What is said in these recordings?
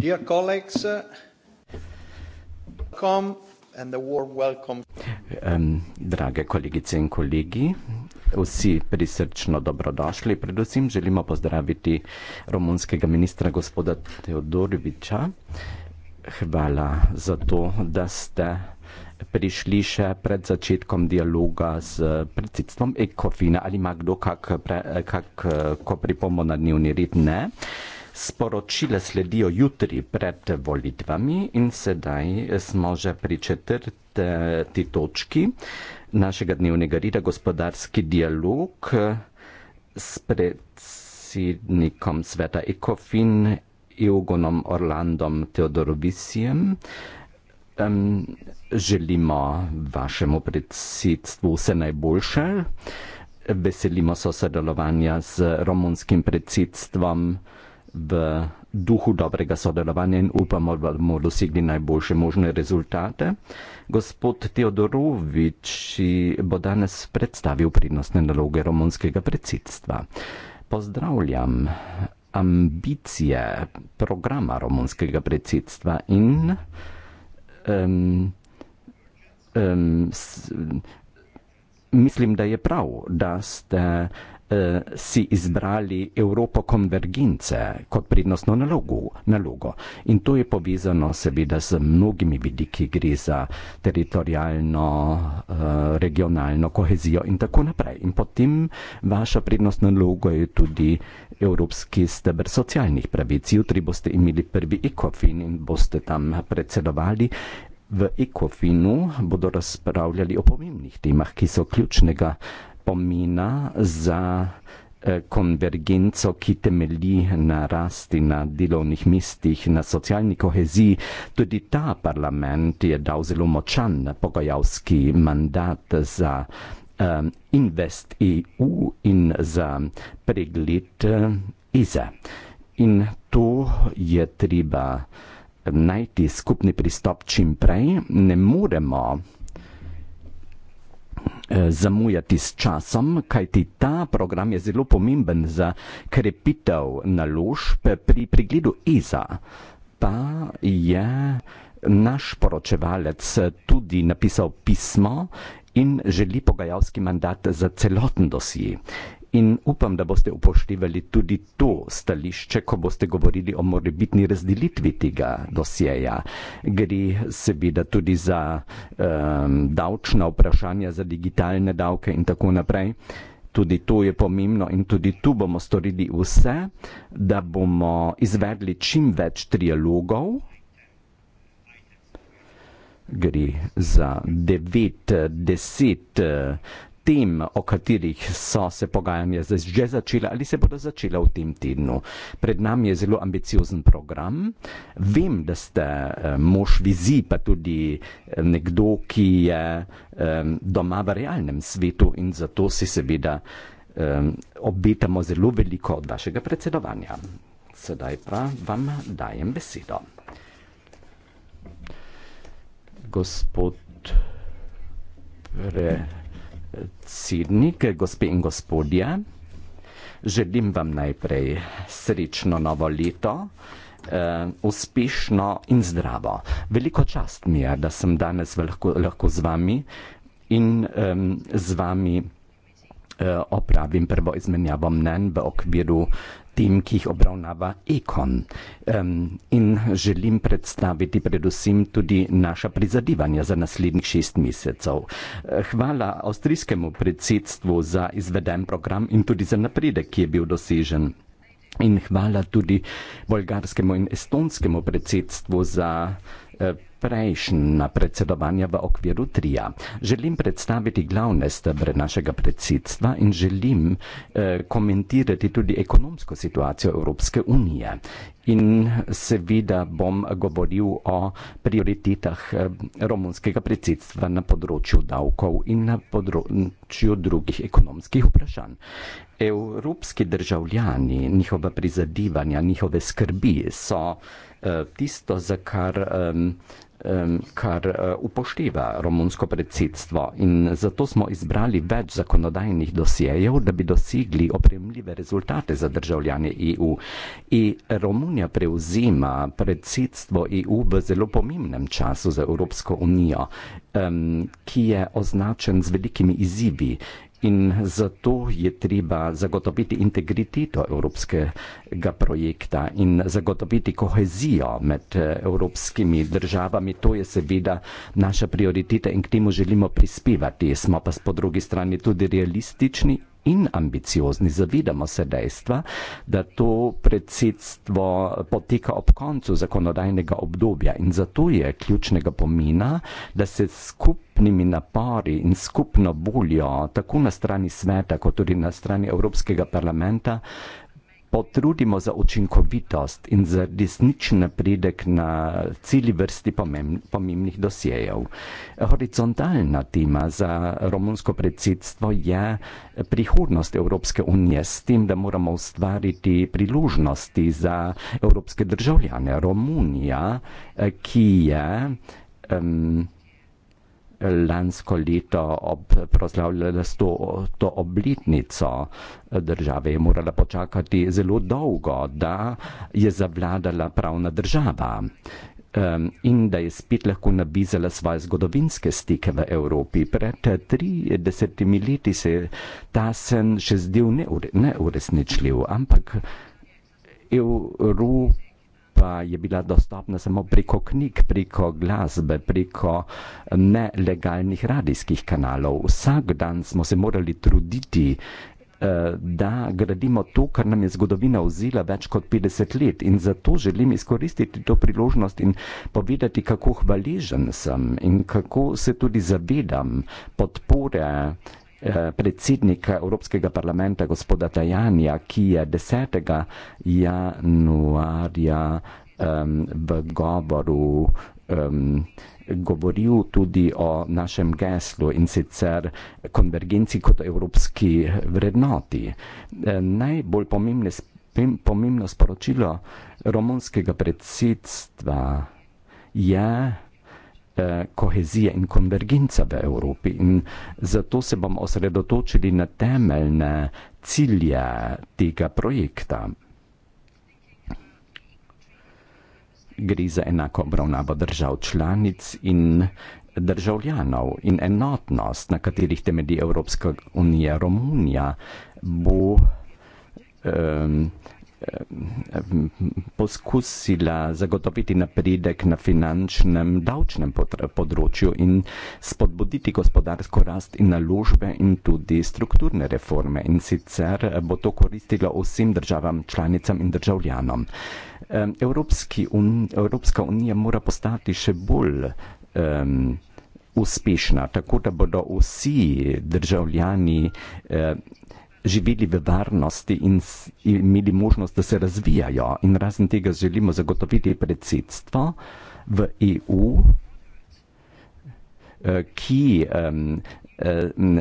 Dear colleagues, welcome and a warm welcome. Um, drage kolegice in kolegi, vsi prisrčno dobrodošli. Predvsem želimo pozdraviti romunskega ministra gospoda Teodorviča. Hvala za to, da ste prišli še pred začetkom dialoga z predsedstvom Ekofina. Ali ima kdo kako kak, eh, pripombo na dnevni red? Ne. Uh, sporočile sledijo jutri pred volitvami in sedaj smo že pri četrti točki našega dnevnega rida gospodarski dialog s predsednikom sveta ECOFIN Eugonom Orlandom Teodorovisijem. Um, želimo vašemu predsedstvu vse najboljše. Veselimo se sodelovanja z romunskim predsedstvom v duhu dobrega sodelovanja in upamo, da bomo dosegli najboljše možne rezultate. Gospod Teodorovič bo danes predstavil prednostne naloge romunskega predsedstva. Pozdravljam ambicije programa romunskega predsedstva in um, um, s, mislim, da je prav, da ste Eh, si izbrali Evropo konvergence kot prednostno nalogo, nalogo. In to je povezano seveda z mnogimi vidiki, gre za teritorijalno, eh, regionalno kohezijo in tako naprej. In potem vaša prednostna nalogo je tudi Evropski stebr socialnih pravic. Jutri boste imeli prvi ekofin in boste tam predsedovali. V ekofinu bodo razpravljali o pomembnih temah, ki so ključnega opomina za eh, konvergenco, ki temelji na rasti na delovnih mestih, na socialni koheziji. Tudi ta parlament je dal zelo močan pogajalski mandat za um, Invest EU in za pregled eh, ISE. In to je treba najti skupni pristop čim prej. Ne moremo Eh, zamujati s časom, kajti ta program je zelo pomemben za krepitev naložb. Pri pregledu Iza pa je naš poročevalec tudi napisal pismo in želi pogajalski mandat za celoten dosji in upam, da boste upoštevali tudi to stališče, ko boste govorili o morebitni razdelitvi tega dosjeja. Gre seveda tudi za um, davčna vprašanja, za digitalne davke in tako naprej. Tudi to je pomembno in tudi tu bomo storili vse, da bomo izvedli čim več trialogov. Gre za devet, deset tem, o katerih so se pogajanja že začela ali se bodo začela v tem tednu. Pred nami je zelo ambiciozen program. Vem, da ste eh, mož vizi, pa tudi eh, nekdo, ki je eh, doma v realnem svetu in zato si seveda obetamo zelo veliko od vašega predsedovanja. Sedaj pa vam dajem besedo. Gospod predsednik, gospe in gospodje. Želim vam najprej srečno novo leto, eh, uspešno in zdravo. Veliko čast mi je, da sem danes lahko, lahko z vami in eh, z vami. Eh, opravim prvo izmenjavo mnen v okviru tim, ki jih obravnava ekon. Um, in želim predstaviti predvsem tudi naša prizadivanja za naslednjih šest mesecev. Eh, hvala avstrijskemu predsedstvu za izveden program in tudi za napredek, ki je bil dosežen. In hvala tudi bolgarskemu in estonskemu predsedstvu za Eh, prejšnja predsedovanja v okviru trija. Želim predstaviti glavne stebre našega predsedstva in želim eh, komentirati tudi ekonomsko situacijo Evropske unije. In seveda bom govoril o prioritetah eh, romunskega predsedstva na področju davkov in na področju drugih ekonomskih vprašanj. Evropski državljani, njihova prizadivanja, njihove skrbi so Eh, tisto, za kar, um, um, kar uh, upošteva romunsko predsedstvo. In zato smo izbrali več zakonodajnih dosjejev, da bi dosegli opremljive rezultate za državljane EU. In e Romunija prevzema predsedstvo EU v zelo pomembnem času za Evropsko unijo, um, ki je označen z velikimi izzivi in zato je treba zagotoviti integriteto evropskega projekta in zagotoviti kohezijo med eh, evropskimi državami. To je seveda naša prioriteta in k temu želimo prispevati. Smo pa s po drugi strani tudi realistični in ambiciozni, zavedamo se dejstva, da to predsedstvo poteka ob koncu zakonodajnega obdobja in zato je ključnega pomena, da se skupaj napori in skupno voljo, tako na strani sveta, kot tudi na strani Evropskega parlamenta, potrudimo za učinkovitost in za resničen napredek na celi vrsti pomembnih dosjejev. Horizontalna tema za romunsko predsedstvo je prihodnost Evropske unije s tem, da moramo ustvariti priložnosti za evropske državljane. Romunija, ki je um, lansko leto ob proslavljanju 100. obletnico države je morala počakati zelo dolgo, da je zavladala pravna država um, in da je spet lahko nabizala svoje zgodovinske stike v Evropi. Pred 30 leti se je ta sen še zdel neure, neurezničljiv, ampak Evropa pa je bila dostopna samo preko knjig, preko glasbe, preko nelegalnih radijskih kanalov. Vsak dan smo se morali truditi. Eh, da gradimo to, kar nam je zgodovina vzela več kot 50 let, in zato želim izkoristiti to priložnost in povedati, kako hvaležen sem in kako se tudi zavedam podpore Eh, predsednika Evropskega parlamenta gospoda Tajanja, ki je 10. januarja um, v govoru um, govoril tudi o našem geslu in sicer konvergenci kot evropski vrednoti. Eh, najbolj pomembne, pomembno sporočilo romunskega predsedstva je, eh, kohezije in konvergenca v Evropi. In zato se bomo osredotočili na temeljne cilje tega projekta. Gre za enako obravnavo držav članic in državljanov in enotnost, na katerih temelji Evropska unija Romunija, bo um, poskusila zagotoviti napredek na finančnem, davčnem področju in spodbuditi gospodarsko rast in naložbe in tudi strukturne reforme. In sicer bo to koristilo vsem državam, članicam in državljanom. Evropski un, Evropska unija mora postati še bolj um, uspešna, tako da bodo vsi državljani um, živeli v varnosti in imeli možnost, da se razvijajo. In razen tega želimo zagotoviti predsedstvo v EU, eh, ki um,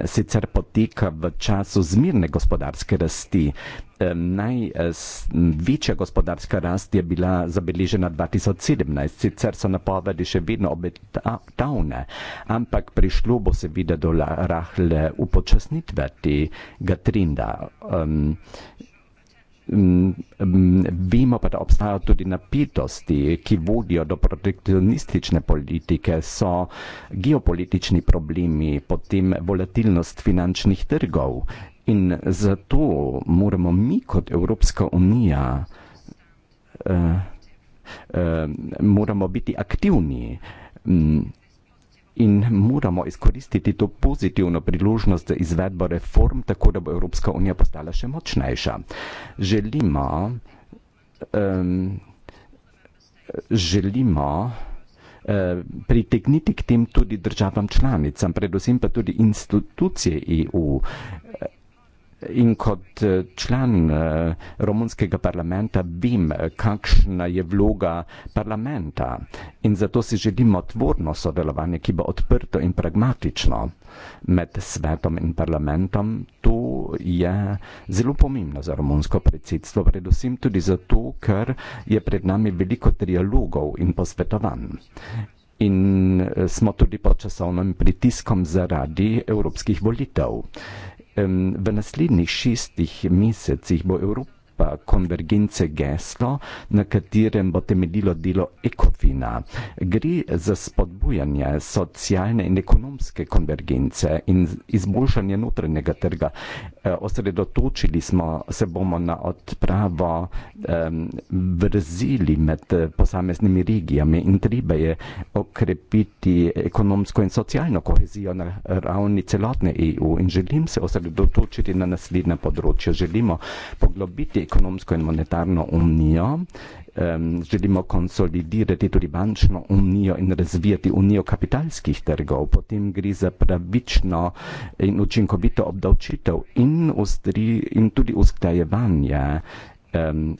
sicer poteka v času zmirne gospodarske rasti. Največja eh, gospodarska rast je bila zabeležena 2017, sicer so napovedi še vedno obetavne, ampak prišlo bo seveda do rahle upočasnitve tega trenda. Um, Vemo pa, da obstajajo tudi napetosti, ki vodijo do protekcionistične politike, so geopolitični problemi, potem volatilnost finančnih trgov in zato moramo mi kot Evropska unija eh, eh, biti aktivni in moramo izkoristiti to pozitivno priložnost za izvedbo reform, tako da bo Evropska unija postala še močnejša. Želimo, um, želimo eh, pritegniti k tem tudi državam članicam, predvsem pa tudi institucije EU. In kot eh, član eh, romunskega parlamenta vem, kakšna je vloga parlamenta in zato si želimo tvorno sodelovanje, ki bo odprto in pragmatično med svetom in parlamentom. To je zelo pomembno za romunsko predsedstvo, predvsem tudi zato, ker je pred nami veliko trialogov in posvetovanj. In eh, smo tudi pod časovnim pritiskom zaradi evropskih volitev v naslednjih šestih mesecih bo Evropa skupa konvergence geslo, na katerem bo temeljilo delo ekofina. Gre za spodbujanje socialne in ekonomske konvergence in izboljšanje notranjega trga. E, osredotočili smo se bomo na odpravo um, vrzili med posameznimi regijami in treba je okrepiti ekonomsko in socialno kohezijo na ravni celotne EU in želim se osredotočiti na naslednje področje. Želimo poglobiti ekonomsko in monetarno unijo, um, želimo konsolidirati tudi bančno unijo in razvijati unijo kapitalskih trgov, potem gre za pravično in učinkovito obdavčitev in, ustri, in tudi usklajevanje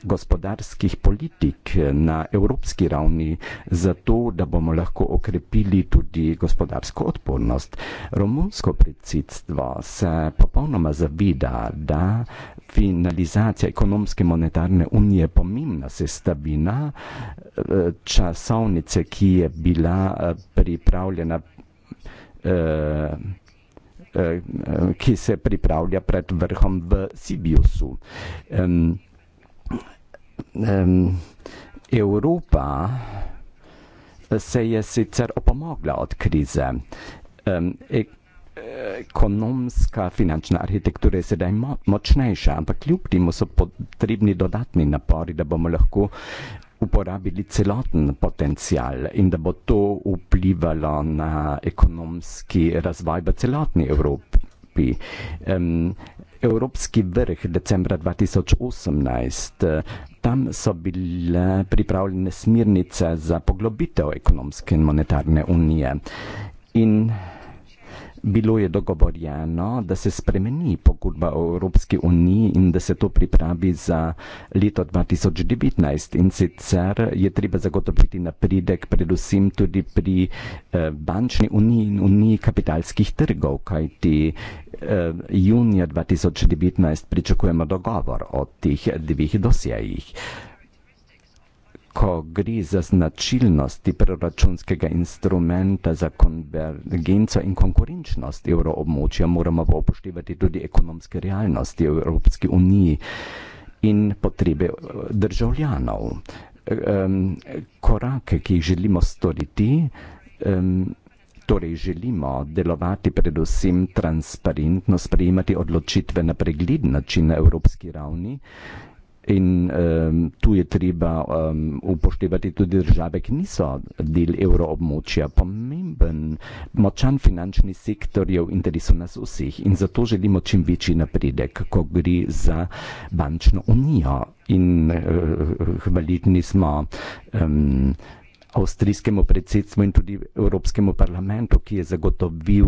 gospodarskih politik eh, na evropski ravni, zato da bomo lahko okrepili tudi gospodarsko odpornost. Romunsko predsedstvo se popolnoma zavida, da finalizacija ekonomske monetarne unije je pomembna sestavina eh, časovnice, ki je bila eh, pripravljena. Eh, ki se pripravlja pred vrhom v Sibiusu um, Evropa se je sicer opomogla od krize. Um, ekonomska finančna arhitektura je sedaj mo močnejša, ampak kljub temu so potrebni dodatni napori, da bomo lahko uporabili celoten potencial in da bo to vplivalo na ekonomski razvoj v celotni Evropi. Um, Evropski vrh decembra 2018. Tam so bile pripravljene smirnice za poglobitev ekonomske in monetarne unije. In bilo je dogovorjeno, da se spremeni pogodba o Evropski uniji in da se to pripravi za leto 2019. In sicer je treba zagotoviti napredek predvsem tudi pri eh, bančni uniji in uniji kapitalskih trgov, kajti eh, junija 2019 pričakujemo dogovor o teh dveh dosjejih ko gre za značilnosti proračunskega instrumenta za konvergenco in konkurenčnost evroobmočja, moramo pa upoštevati tudi ekonomske realnosti v Evropski uniji in potrebe eh, državljanov. Ehm, korake, ki jih želimo storiti, ehm, torej želimo delovati predvsem transparentno, sprejemati odločitve na pregled način na evropski ravni, In um, tu je treba um, upoštevati tudi države, ki niso del evroobmočja. Pomemben, močan finančni sektor je v interesu nas vseh in zato želimo čim večji napredek, ko gre za bančno unijo. In uh, eh, hvaletni smo. Um, avstrijskemu predsedstvu in tudi Evropskemu parlamentu, ki je zagotovil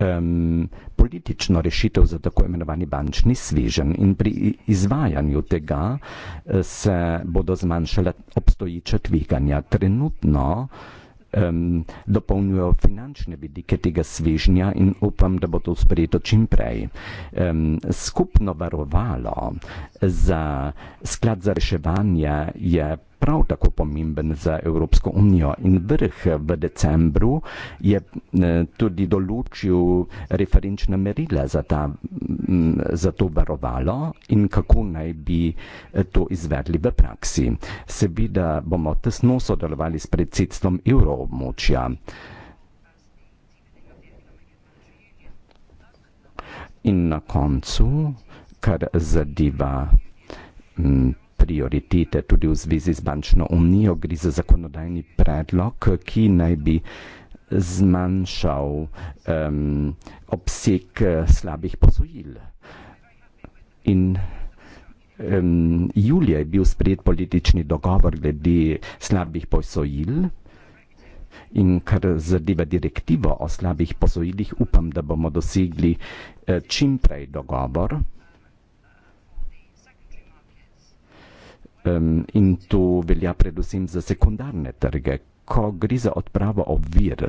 um, politično rešitev za tako imenovani bančni svežen. In pri izvajanju tega eh, se bodo zmanjšala obstoječa tveganja. Trenutno um, dopolnjujejo finančne vidike tega svežnja in upam, da bo to sprejeto čim prej. Um, skupno varovalo za sklad za reševanje je prav tako pomemben za Evropsko unijo. In vrh v decembru je eh, tudi določil referenčne merile za, ta, mm, za to varovalo in kako naj bi eh, to izvedli v praksi. Seveda bomo tesno sodelovali s predsedstvom evroobmočja. In na koncu, kar zadeva mm, prioritete tudi v zvezi z bančno unijo, gre za zakonodajni predlog, ki naj bi zmanjšal um, obseg eh, slabih posojil. In um, julija je bil sprejet politični dogovor glede slabih posojil. In kar zadeva direktivo o slabih posojilih, upam, da bomo dosegli eh, čimprej dogovor, Um, in to velja predvsem za sekundarne trge, ko gre za odpravo ovir.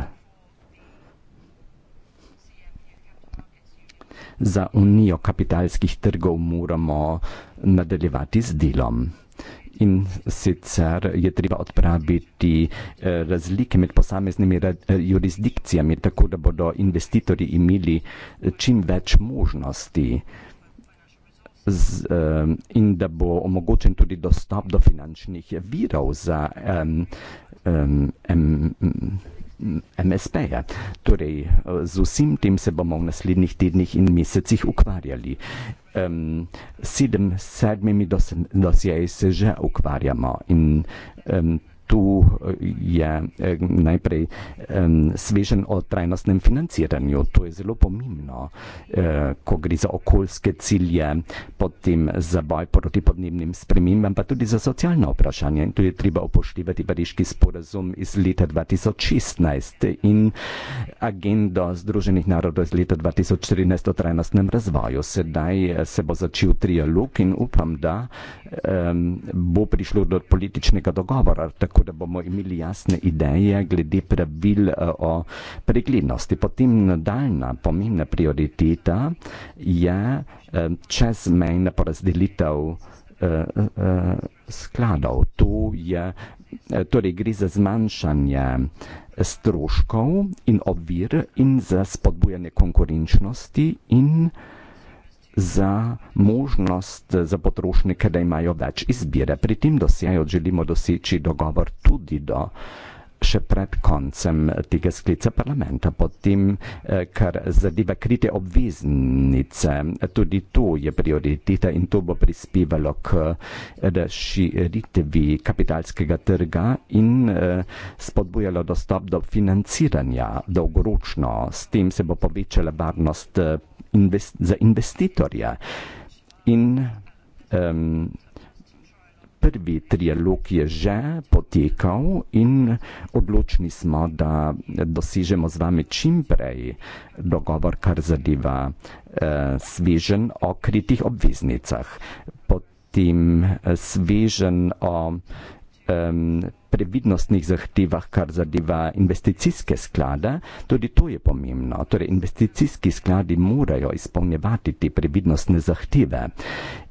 Za unijo kapitalskih trgov moramo nadaljevati z delom. In sicer je treba odpraviti eh, razlike med posameznimi eh, jurisdikcijami, tako da bodo investitorji imeli eh, čim več možnosti z, um, in da bo omogočen tudi dostop do finančnih virov za um, um, MSP-je. Torej, z vsem tem se bomo v naslednjih tednih in mesecih ukvarjali. Um, sedem, sedmimi dosjeji se že ukvarjamo in um, tu eh, je eh, najprej svežen o trajnostnem financiranju. To je zelo pomembno, eh, ko gre za okoljske cilje, potem za boj proti podnebnim spremembam, pa tudi za socialno vprašanje. In tu je treba upoštevati pariški sporazum iz leta 2016 in agendo Združenih narodov iz leta 2014 o trajnostnem razvoju. Sedaj se bo začel trialog in upam, da bo prišlo do političnega dogovora. Tako tako da bomo imeli jasne ideje glede pravil eh, o preglednosti. Potem nadaljna pomembna prioriteta je eh, čezmejna porazdelitev eh, skladov. To je, torej gre za zmanjšanje stroškov in ovir in za spodbujanje konkurenčnosti in konkurenčnosti za možnost za potrošnike, da imajo več izbire. Pri tem dosjaju želimo doseči dogovor tudi do še pred koncem tega sklica parlamenta, potem, eh, kar zadeva krite obveznice. Tudi to je prioriteta in to bo prispevalo k razširitvi kapitalskega trga in eh, spodbujalo dostop do financiranja dolgoročno. S tem se bo povečala varnost eh, invest, za investitorja. In um, prvi trialog je že potekal in odločni smo, da dosežemo z vami čim prej dogovor, kar zadeva uh, eh, svežen o kritih obveznicah. Potem uh, eh, svežen o uh, um, previdnostnih zahtevah, kar zadeva investicijske sklade, tudi to je pomembno. Torej, investicijski skladi morajo izpolnjevati te previdnostne zahteve.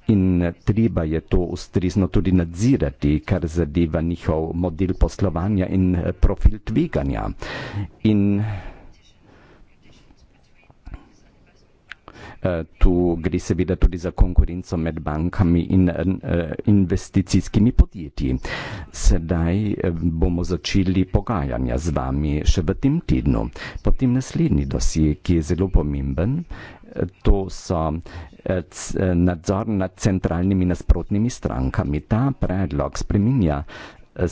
In treba je to ustrezno tudi nadzirati, kar zadeva njihov model poslovanja in profil tveganja. In Eh, tu gre seveda tudi za konkurenco med bankami in eh, eh, investicijskimi podjetji. Sedaj bomo začeli pogajanja z vami še v tem tednu. Potem naslednji dosje, ki je zelo pomemben, to so nadzor nad centralnimi nasprotnimi strankami. Ta predlog spreminja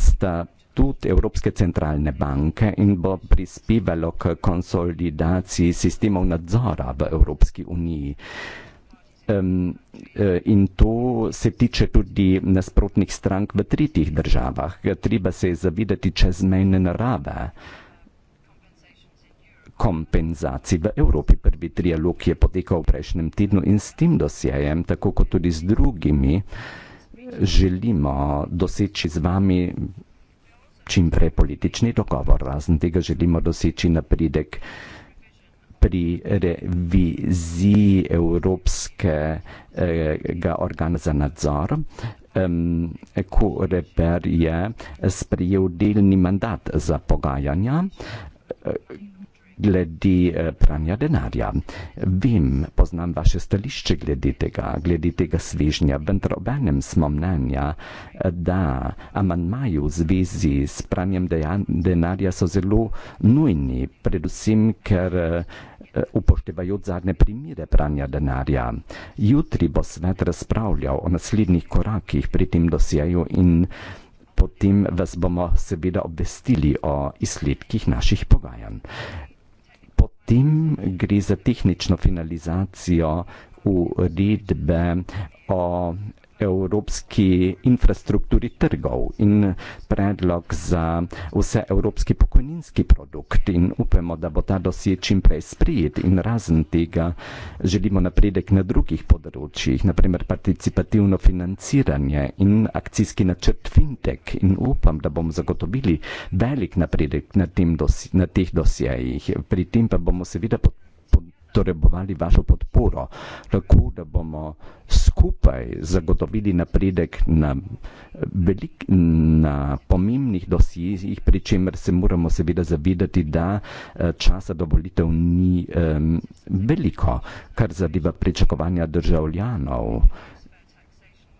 sta institut Evropske centralne banke in bo prispevalo k konsolidaciji sistemov nadzora v Evropski uniji. Um, in to se tiče tudi nasprotnih strank v tretjih državah. Treba se je zavidati čezmejne narave kompenzacij v Evropi. Prvi trialog je potekal v prejšnjem tednu in s tem dosjejem, tako kot tudi z drugimi, želimo doseči z vami čim prej politični dogovor. Razen tega želimo doseči napredek pri reviziji Evropskega organa za nadzor. Um, Koreber je sprejel delni mandat za pogajanja glede eh, pranja denarja. Vem, poznam vaše stališče glede tega, glede tega svežnja, vendar obenem smo mnenja, eh, da amanmaju v zvezi s pranjem denarja so zelo nujni, predvsem ker eh, upoštevajo zadnje primire pranja denarja. Jutri bo svet razpravljal o naslednjih korakih pri tem dosjeju in potem vas bomo seveda obvestili o izsledkih naših pogajanj tem gre za tehnično finalizacijo uredbe o evropski infrastrukturi trgov in predlog za vse evropski pokojninski produkt in upamo, da bo ta dosje čim prej sprijet in razen tega želimo napredek na drugih področjih, naprimer participativno financiranje in akcijski načrt fintech in upam, da bomo zagotovili velik napredek na, tem dosi, na teh dosjejih. Pri tem pa bomo seveda podpisali potrebovali vašo podporo, tako da bomo skupaj zagotovili napredek na, velik, na pomembnih dosjejih, pri čemer se moramo seveda zavedati, da eh, časa do volitev ni um, veliko, kar zadeva pričakovanja državljanov.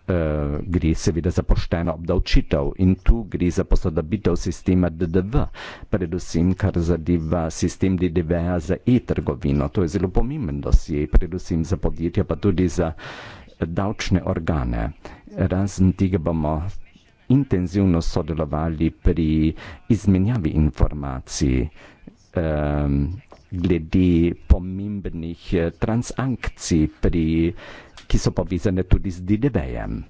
Eh, gre seveda za pošteno obdavčitev in tu gre za posodobitev sistema DDV, predvsem kar zadeva sistem DDV-ja za e-trgovino. To je zelo pomemben dosje, predvsem za podjetja, pa tudi za davčne organe. Razen tega bomo intenzivno sodelovali pri izmenjavi informacij eh, glede pomembnih eh, transakcij pri izmenjavi ki so povezane tudi z DDV-jem.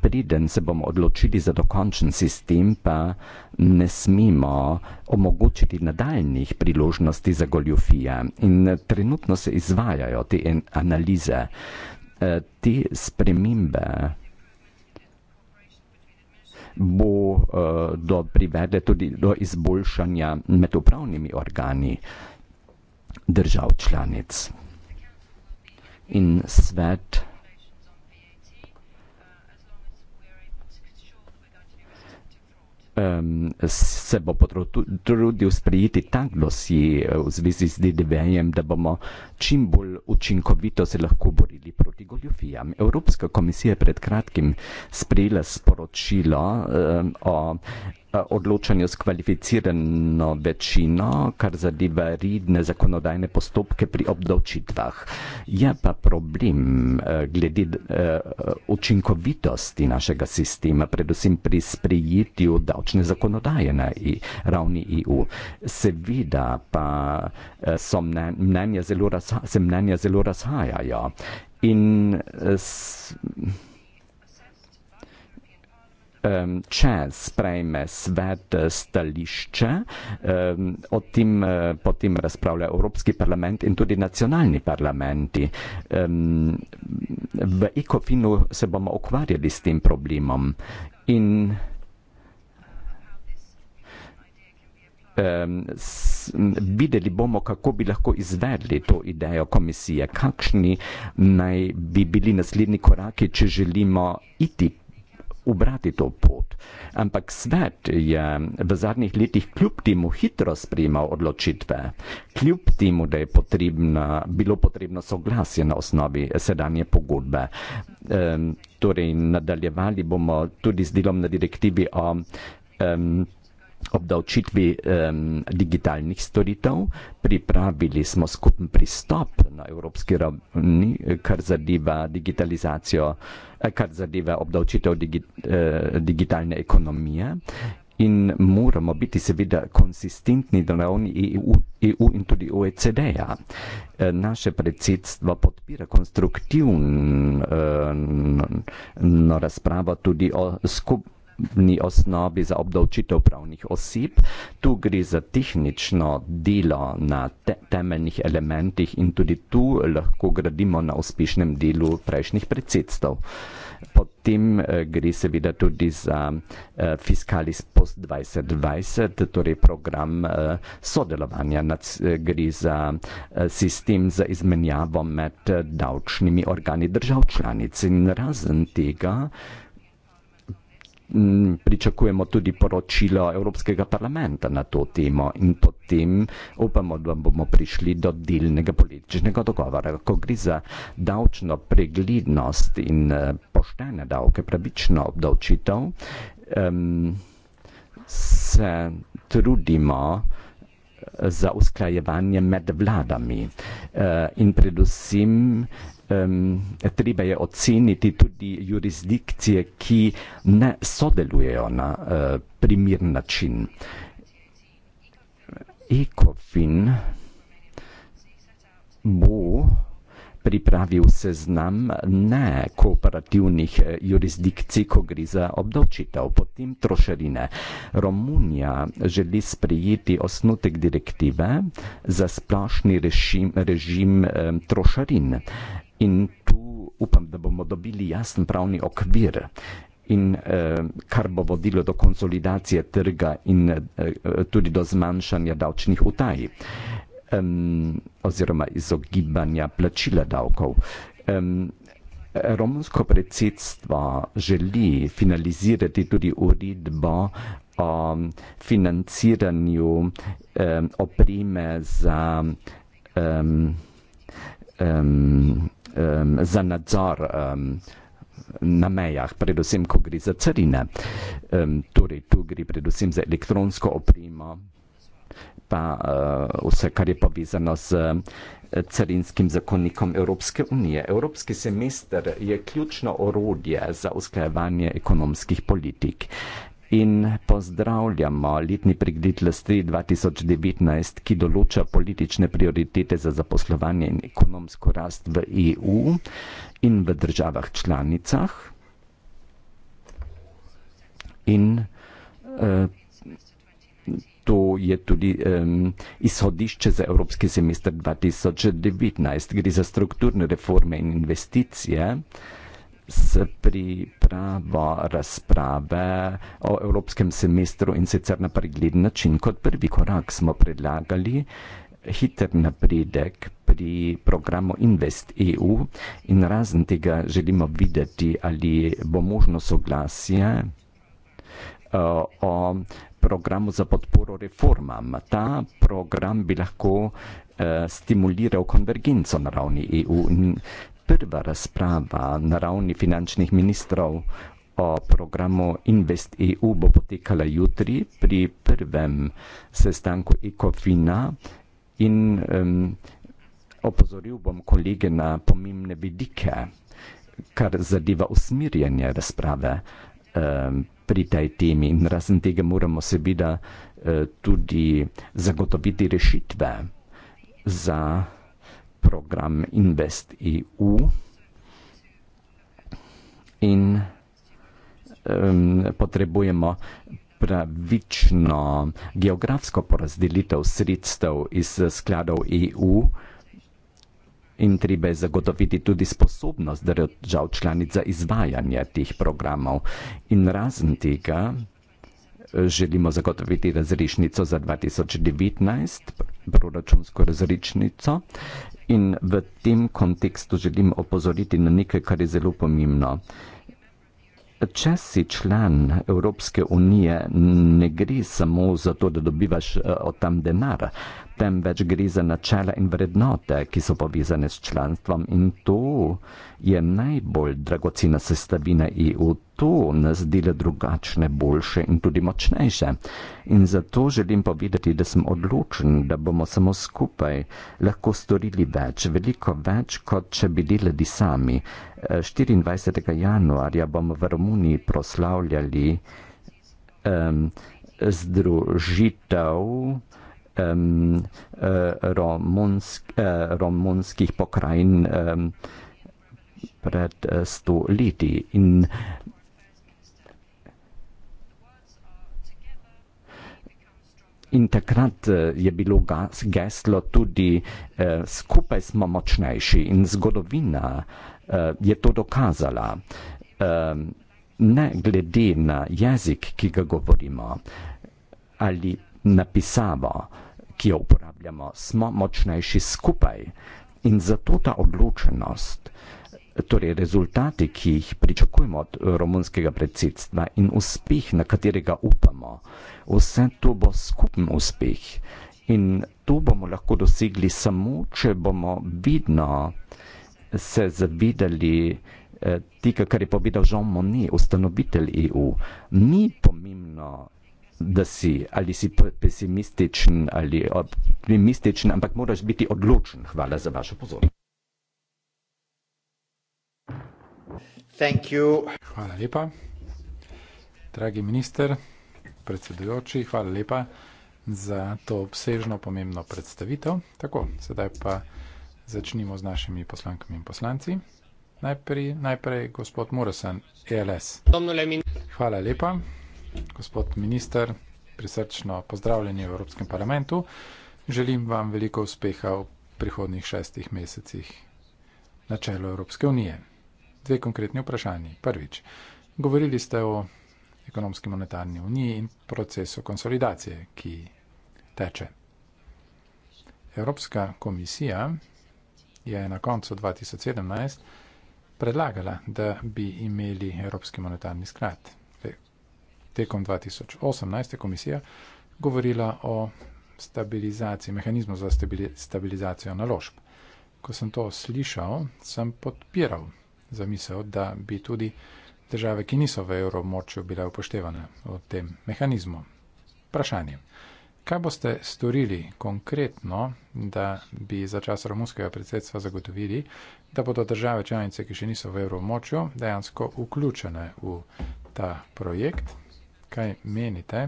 Preden se bomo odločili za dokončen sistem, pa ne smemo omogočiti nadaljnih priložnosti za goljofije. In eh, trenutno se izvajajo te analize, eh, te spremembe bo uh, do privede tudi do izboljšanja med upravnimi organi. Uh, držav članic. In svet se bo potrudil sprejeti tak dosje v zvezi z DDV-jem, da bomo čim bolj učinkovito se lahko borili proti goljofijam. Evropska komisija je pred kratkim sprejela sporočilo o Eh, odločanju s kvalificirano večino, kar zadeva redne zakonodajne postopke pri obdavčitvah. Je pa problem eh, glede eh, učinkovitosti našega sistema, predvsem pri sprejetju davčne zakonodaje na e, ravni EU. Seveda pa mnenja zelo se mnenja zelo razhajajo. In Ehm, če sprejme svet eh, stališče, ehm, o tem eh, potem razpravlja Evropski parlament in tudi nacionalni parlamenti. Ehm, v ECOFIN-u se bomo ukvarjali s tem problemom in videli bomo, kako bi lahko izvedli to idejo komisije, kakšni naj bi bili naslednji koraki, če želimo iti ubrati to pot. Ampak svet je v zadnjih letih kljub temu hitro sprejemal odločitve, kljub temu, da je potrebno, bilo potrebno soglasje na osnovi sedanje pogodbe. Um, torej, nadaljevali bomo tudi z delom na direktivi o. Um, obdavčitvi um, digitalnih storitev, pripravili smo skupen pristop na evropski ravni, kar zadeva digitalizacijo, eh, kar zadeva obdavčitev digi, uh, digitalne ekonomije. In moramo biti seveda konsistentni na ravni EU, EU in tudi OECD-ja. Eh, naše predsedstvo podpira konstruktivno no, razpravo tudi o skupnosti ni osnovi za obdavčitev pravnih oseb. Tu gre za tehnično delo na te temeljnih elementih in tudi tu lahko gradimo na uspešnem delu prejšnjih predsedstv. Potem eh, gre seveda tudi za eh, Fiskalis Post 2020, torej program eh, sodelovanja. Gre za sistem za izmenjavo med davčnimi organi držav članic in razen tega Mm, pričakujemo tudi poročilo Evropskega parlamenta na to temo in potem upamo, da bomo prišli do delnega političnega dogovora. Ko gre za davčno preglednost in eh, poštene davke, pravično obdavčitev, um, se trudimo eh, za usklajevanje med vladami uh, in predvsem um, treba je oceniti tudi jurisdikcije, ki ne sodelujejo na uh, eh, primir način. ECOFIN bo pripravil seznam nekooperativnih eh, jurisdikcij, ko gre za obdavčitev, potem trošarine. Romunija želi sprejeti osnutek direktive za splošni režim, režim trošarin. In tu upam, da bomo dobili jasen pravni okvir in eh, kar bo vodilo do konsolidacije trga in eh, eh tudi do zmanjšanja davčnih utaj um, oziroma izogibanja plačila davkov. Um, romunsko predsedstvo želi finalizirati tudi uredbo o financiranju um, opreme za um, um, um, za nadzor um, na mejah, predvsem, ko gre za carine. Um, torej, tu gre predvsem za elektronsko opremo, pa uh, vse, kar je povezano z uh, carinskim zakonnikom Evropske unije. Evropski semester je ključno orodje za usklajevanje ekonomskih politik in pozdravljamo letni pregled Lestri 2019, ki določa politične prioritete za zaposlovanje in ekonomsko rast v EU in v državah članicah. In eh, to je tudi eh, izhodišče za Evropski semester 2019. Gre za strukturne reforme in investicije. Eh, s pripravo razprave o Evropskem semestru in sicer na pregleden način. Kot prvi korak smo predlagali hiter napredek pri programu Invest EU in razen tega želimo videti, ali bo možno soglasje eh, o programu za podporo reformam. Ta program bi lahko eh, stimuliral konvergenco na ravni EU prva razprava na ravni finančnih ministrov o programu InvestEU bo potekala jutri pri prvem sestanku ECOFINA in um, opozoril bom kolege na pomembne vidike, kar zadeva usmirjanje razprave um, pri tej temi in razen tega moramo seveda uh, tudi zagotoviti rešitve za program InvestEU in um, potrebujemo pravično geografsko porazdelitev sredstev iz skladov EU in treba je zagotoviti tudi sposobnost držav članic za izvajanje teh programov. In razen tega, želimo zagotoviti razrešnico za 2019, proračunsko razrešnico. In v tem kontekstu želim opozoriti na nekaj, kar je zelo pomembno. Če si član Evropske unije, ne gre samo za to, da dobivaš eh, od tam denar, temveč gre za načela in vrednote, ki so povezane s članstvom in to je najbolj dragocena sestavina EU. To nas dela drugačne, boljše in tudi močnejše. In zato želim povedati, da sem odločen, da bomo samo skupaj lahko storili več, veliko več, kot če bi delali sami. 24. januarja bomo v Romuniji proslavljali um, združitev um, romunsk, uh, romunskih pokrajin um, pred sto leti. In In takrat e, je bilo gas, geslo tudi eh, skupaj smo močnejši in zgodovina eh, je to dokazala. Ne glede na jezik, ki ga govorimo, ali napisavo, ki jo uporabljamo, smo močnejši skupaj. In zato ta odločenost, torej rezultati, ki jih pričakujemo od eh, romunskega predsedstva in uspeh, na katerega upamo, vse to bo skupen uspeh. In to bomo lahko dosegli samo, če bomo vidno se zavidali eh, tega, kar je povedal Žan Moni, ustanovitelj EU. Ni pomembno, da si ali si pesimističen ali optimističen, ampak moraš biti odločen. Hvala za vašo pozornost. Hvala lepa. Dragi minister, predsedujoči, hvala lepa za to obsežno pomembno predstavitev. Tako, sedaj pa. Začnimo z našimi poslankami in poslanci. Najprej, najprej gospod Morrison, ELS. Hvala lepa, gospod minister, prisrčno pozdravljeni v Evropskem parlamentu. Želim vam veliko uspeha v prihodnih šestih mesecih na čelo Evropske unije. Dve konkretni vprašanji. Prvič, govorili ste o ekonomski monetarni uniji in procesu konsolidacije, ki teče. Evropska komisija je na koncu 2017 predlagala, da bi imeli Evropski monetarni sklad. Tekom 2018 je komisija govorila o stabilizaciji, mehanizmu za stabilizacijo naložb. Ko sem to slišal, sem podpiral zamisel, da bi tudi države, ki niso v evromočju, bile upoštevane v tem mehanizmu. Vprašanje. Kaj boste storili konkretno, da bi za čas romunskega predsedstva zagotovili, da bodo države članice, ki še niso v evromočju, dejansko vključene v ta projekt? Kaj menite?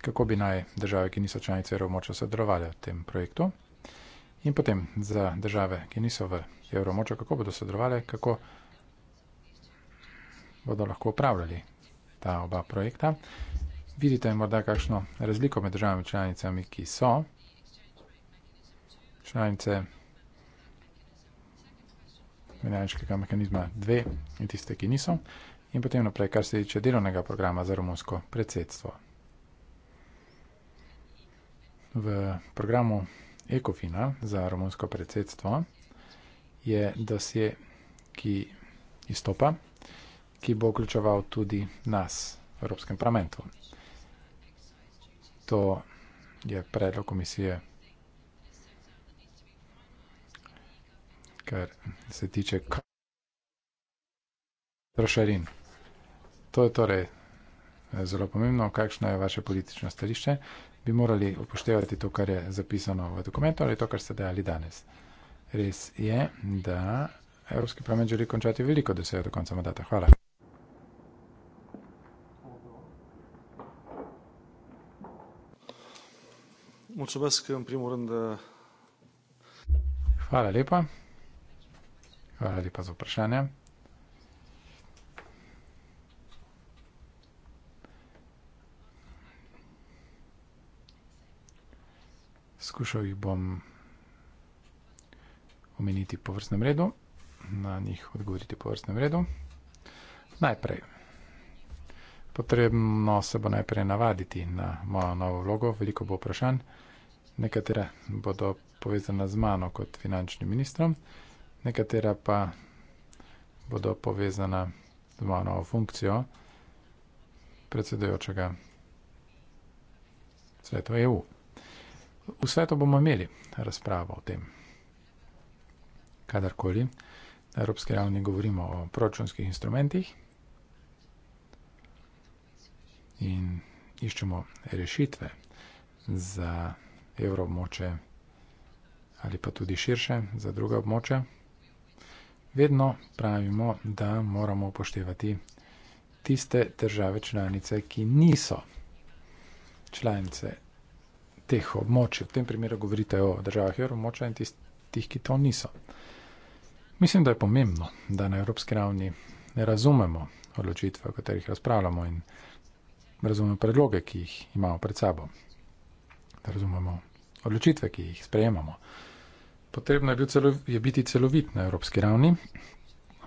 Kako bi naj države, ki niso članice evromočja, sodelovali v tem projektu? In potem za države, ki niso v evromočju, kako bodo sodelovali, kako bodo lahko upravljali ta oba projekta. Vidite morda kakšno razliko med državami članicami, ki so članice menjalniškega mehanizma 2 in tiste, ki niso. In potem naprej, kar se tiče delovnega programa za romunsko predsedstvo. V programu Ekofina za romunsko predsedstvo je dosje, ki izstopa ki bo vključeval tudi nas v Evropskem parlamentu. To je predlog komisije, kar se tiče trošarin. To je torej zelo pomembno, kakšno je vaše politično stališče. Bi morali upoštevati to, kar je zapisano v dokumentu ali to, kar ste dejali danes. Res je, da Evropski parlament želi končati veliko, da se je do konca mandata. Hvala. Mulțumesc în primul rând. Hvala lepa. Hvala lepa za vprašanje. Skušal jih bom omeniti po vrstnem redu, na njih odgovoriti po vrstnem redu. Najprej. Potrebno se bo najprej navaditi na mojo novo vlogo, veliko bo vprašanj. Nekatera bodo povezana z mano kot finančnim ministrom, nekatera pa bodo povezana z mojo novo funkcijo predsedujočega svetu EU. V svetu bomo imeli razpravo o tem, kadarkoli na evropski ravni govorimo o proračunskih instrumentih in iščemo rešitve za evroobmoče ali pa tudi širše za druga območja, vedno pravimo, da moramo upoštevati tiste države članice, ki niso članice teh območij. V tem primeru govorite o državah evroobmoča in tistih, ki to niso. Mislim, da je pomembno, da na evropski ravni ne razumemo odločitve, o katerih razpravljamo in razpravljamo razumemo predloge, ki jih imamo pred sabo, da razumemo odločitve, ki jih sprejemamo. Potrebno je, celo, je biti celovit na evropski ravni,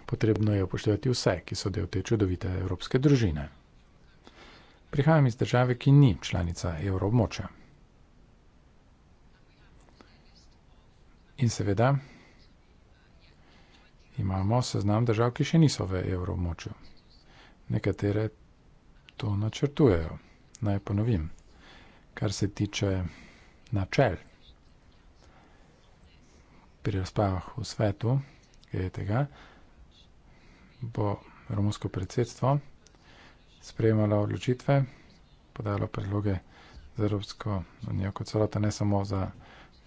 potrebno je upoštevati vse, ki so del te čudovite evropske družine. Prihajam iz države, ki ni članica evroobmoča. In seveda imamo seznam držav, ki še niso v evroobmoču. Nekatere to načrtujejo. Naj ponovim, kar se tiče načel pri razpravah v svetu, glede tega, bo romunsko predsedstvo sprejemalo odločitve, podalo predloge za Evropsko unijo kot celota, ne samo za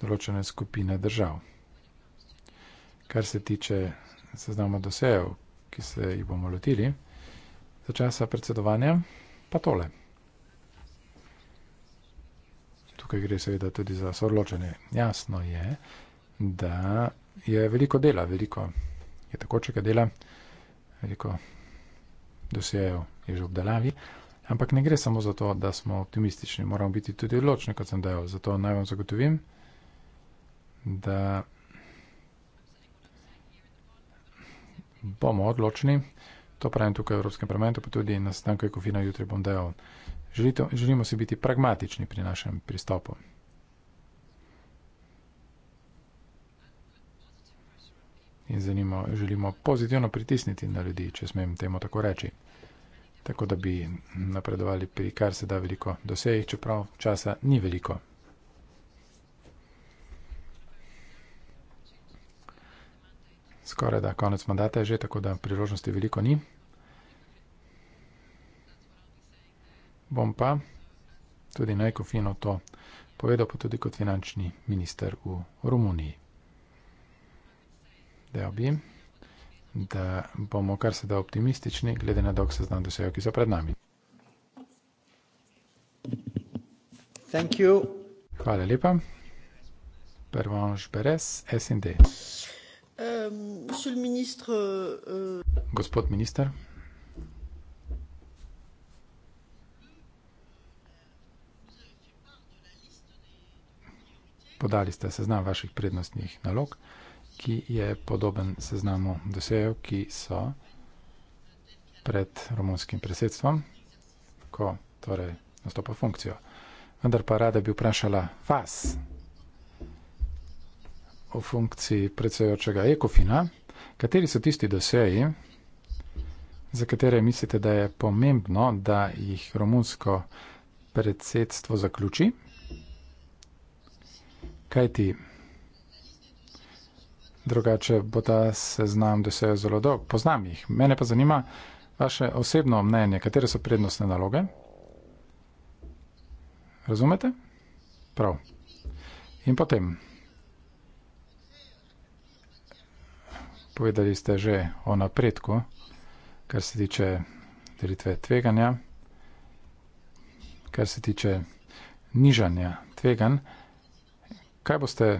določene skupine držav. Kar se tiče seznama dosejev, ki se jih bomo lotili, za časa predsedovanja, pa tole. Tukaj gre seveda tudi za sorločenje. Jasno je, da je veliko dela, veliko je takočega dela, veliko dosejev je že obdelavi, ampak ne gre samo za to, da smo optimistični, moramo biti tudi odločni, kot sem dejal. Zato naj vam zagotovim, da bomo odločni. To pravim tukaj v Evropskem parlamentu, pa tudi na stanku Ekofina jutri bom dejal. Želite, želimo si biti pragmatični pri našem pristopu. In zanimo, želimo pozitivno pritisniti na ljudi, če smem temu tako reči. Tako da bi napredovali pri kar se da veliko dosejih, čeprav časa ni veliko. skoraj da konec mandata je že, tako da priložnosti veliko ni. Bom pa tudi na ekofino to povedal, pa tudi kot finančni minister v Romuniji. Dejal bi, da bomo kar se da optimistični, glede na dolg seznam dosejo, ki so pred nami. Hvala lepa. Pervanš Beres, SND. Euh, euh, Gospod minister. Podali ste seznam vaših prednostnih nalog, ki je podoben seznamu dosejev, ki so pred romunskim predsedstvom, ko torej nastopa funkcijo. Vendar pa rada bi vprašala vas, v funkciji predsedujočega ekofina, kateri so tisti doseji, za katere mislite, da je pomembno, da jih romunsko predsedstvo zaključi. Kaj ti? Drugače bo ta seznam dosejo zelo dolg. Poznam jih. Mene pa zanima vaše osebno mnenje, katere so prednostne naloge. Razumete? Prav. In potem. Povedali ste že o napredku, kar se tiče delitve tveganja, kar se tiče nižanja tvegan. Kaj boste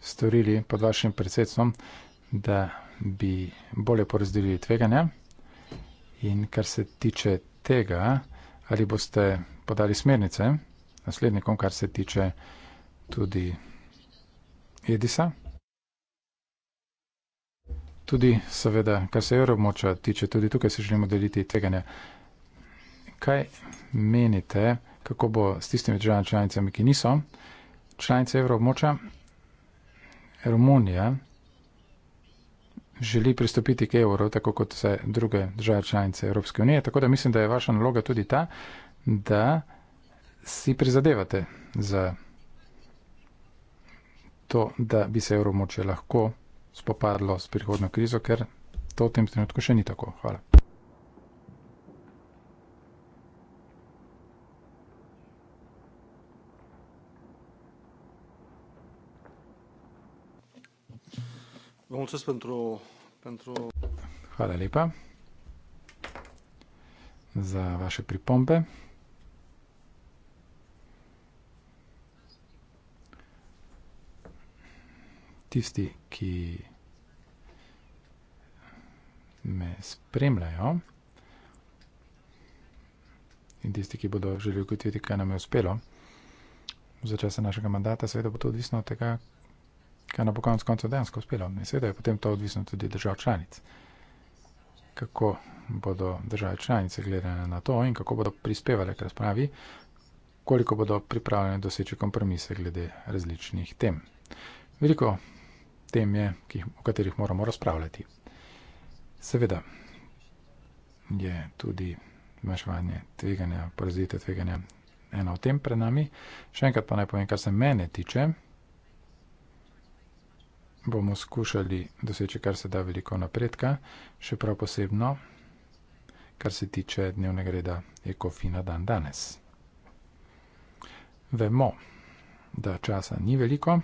storili pod vašim predsedstvom, da bi bolje porazdelili tveganja? In kar se tiče tega, ali boste podali smernice naslednikom, kar se tiče tudi Edisa? tudi seveda, kar se evromoča tiče, tudi tukaj se želimo deliti tveganja. Kaj menite, kako bo s tistimi državami članicami, ki niso članice evromoča? Romunija želi pristopiti k evro, tako kot vse druge države članice Evropske unije, tako da mislim, da je vaša naloga tudi ta, da si prizadevate za to, da bi se evromoče lahko spopadlo s prihodno krizo, ker to v tem trenutku še ni tako. Hvala. Hvala lepa za vaše pripombe. tisti, ki me spremljajo in tisti, ki bodo želeli ugotoviti, kaj nam je uspelo. Za čas našega mandata seveda bo to odvisno od tega, kaj nam bo konec koncev dejansko uspelo. In seveda je potem to odvisno tudi držav članic. Kako bodo države članice gledane na to in kako bodo prispevale k razpravi, koliko bodo pripravljene doseči kompromise glede različnih tem. Veliko teme, ki, o katerih moramo razpravljati. Seveda je tudi zmanjševanje tveganja, porazite tveganja ena od tem pred nami. Še enkrat pa naj povem, kar se mene tiče, bomo skušali doseči kar se da veliko napredka, še prav posebno, kar se tiče dnevnega reda Ekofina dan danes. Vemo, da časa ni veliko,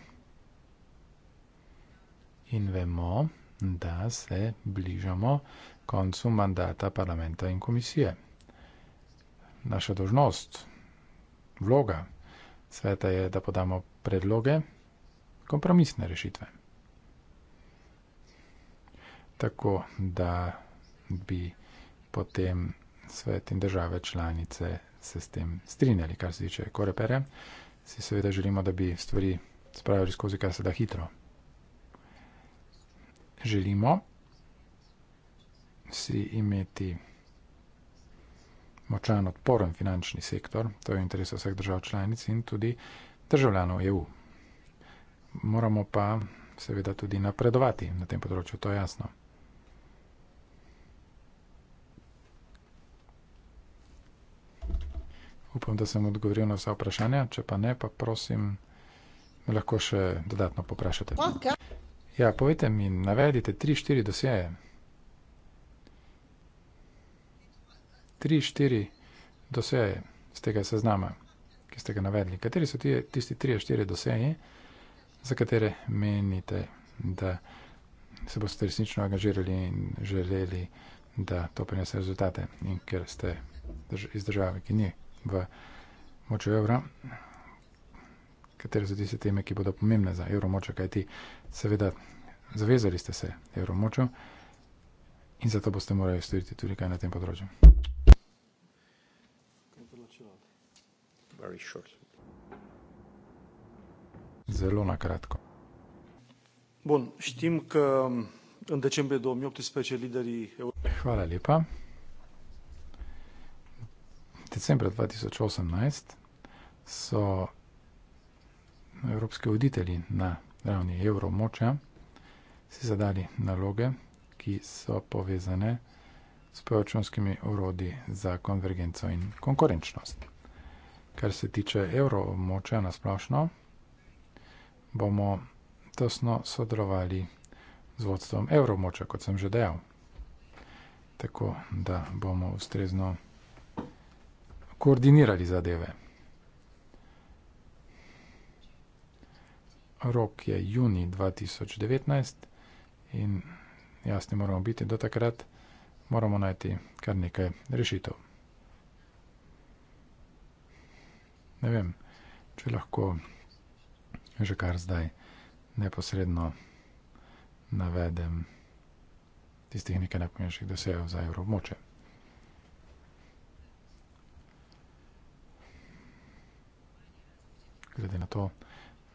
in vemo, da se bližamo koncu mandata parlamenta in komisije. Naša dožnost, vloga sveta je, da podamo predloge, kompromisne rešitve. Tako da bi potem svet in države članice se s tem strinjali, kar se tiče koreperja, si seveda želimo, da bi stvari spravili skozi kar se da hitro želimo si imeti močan odporen finančni sektor, to je v interesu vseh držav članic in tudi državljanov EU. Moramo pa seveda tudi napredovati na tem področju, to je jasno. Upam, da sem odgovoril na vsa vprašanja, če pa ne, pa prosim, lahko še dodatno poprašate. Okay. Ja, povejte mi, navedite 3-4 dosjeje. 3-4 dosjeje z tega seznama, ki ste ga navedli. Kateri so tisti 3-4 dosjeje, za katere menite, da se boste resnično angažirali in želeli, da to prinese rezultate in ker ste iz države, ki ni v moču evra, katere so tiste teme, ki bodo pomembne za evro močo, kaj ti seveda zavezali ste se evromočo in zato boste morali storiti tudi kaj na tem področju. Zelo na kratko. Bon, štim k um, în decembrie 2018 liderii Hvala lepa. Decembra 2018 so evropski voditelji na ravni evromoča si zadali naloge, ki so povezane s proračunskimi urodi za konvergenco in konkurenčnost. Kar se tiče evromoča nasplošno, bomo tesno sodelovali z vodstvom evromoča, kot sem že dejal. Tako da bomo ustrezno koordinirali zadeve. rok je juni 2019 in jasni moramo biti do takrat, moramo najti kar nekaj rešitev. Ne vem, če lahko že kar zdaj neposredno navedem tistih nekaj najpomembnejših dosejev za evroobmoče. Glede na to,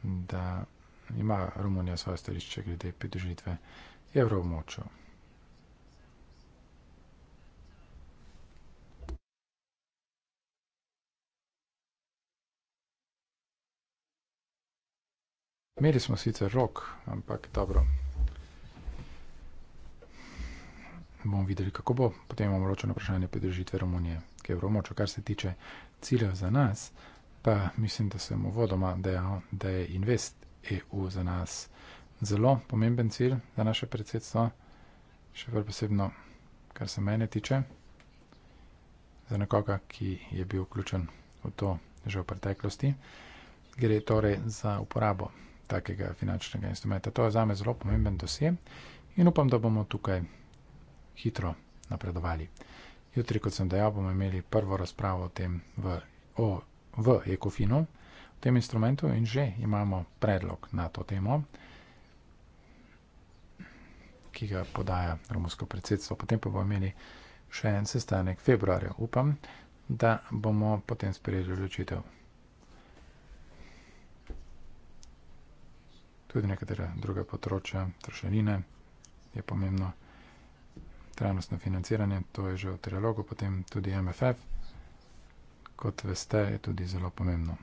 da ima Romunija svoje stališče glede pridružitve evroobmočju. Imeli smo sicer rok, ampak dobro. Bomo videli, kako bo. Potem imamo ročno vprašanje pridružitve Romunije k evroobmočju. Kar se tiče ciljev za nas, pa mislim, da sem uvodoma dejal, da je invest EU za nas zelo pomemben cilj za naše predsedstvo, še bolj posebno, kar se mene tiče, za nekoga, ki je bil vključen v to že v preteklosti. Gre torej za uporabo takega finančnega instrumenta. To je zame zelo pomemben dosje in upam, da bomo tukaj hitro napredovali. Jutri, kot sem dejal, bomo imeli prvo razpravo o tem v, v Ekofinu v tem instrumentu in že imamo predlog na to temo, ki ga podaja romunsko predsedstvo. Potem pa bomo imeli še en sestanek februarja. Upam, da bomo potem sprejeli odločitev. Tudi nekatera druga področja, trošeline je pomembno, trajnostno financiranje, to je že v trilogu, potem tudi MFF, kot veste, je tudi zelo pomembno.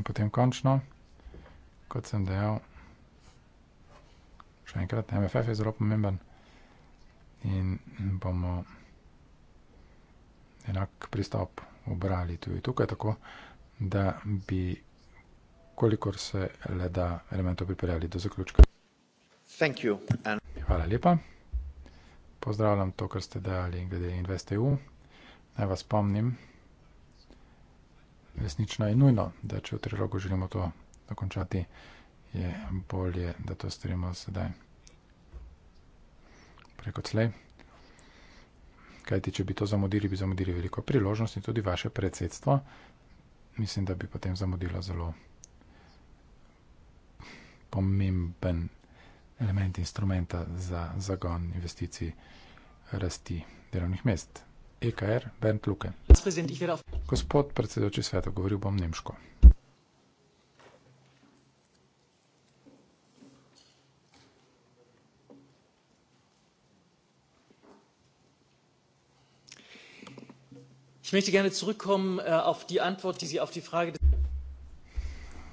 In potem končno, kot sem dejal, še enkrat, MFF je zelo pomemben in bomo enak pristop obrali tudi tukaj, tako da bi kolikor se le da elementov pripeljali do zaključka. Hvala lepa. Pozdravljam to, kar ste dejali glede Invest.eu. Naj vas spomnim, da resnično je nujno, da če v trilogu želimo to dokončati, je bolje, da to storimo sedaj. Preko clej. Kajti, če bi to zamudili, bi zamudili veliko priložnosti, tudi vaše predsedstvo. Mislim, da bi potem zamudilo zelo pomemben element instrumenta za zagon investicij rasti delovnih mest. EKR Bernd Luke. Gospod predsedujoči sveta, govoril bom nemško. Äh,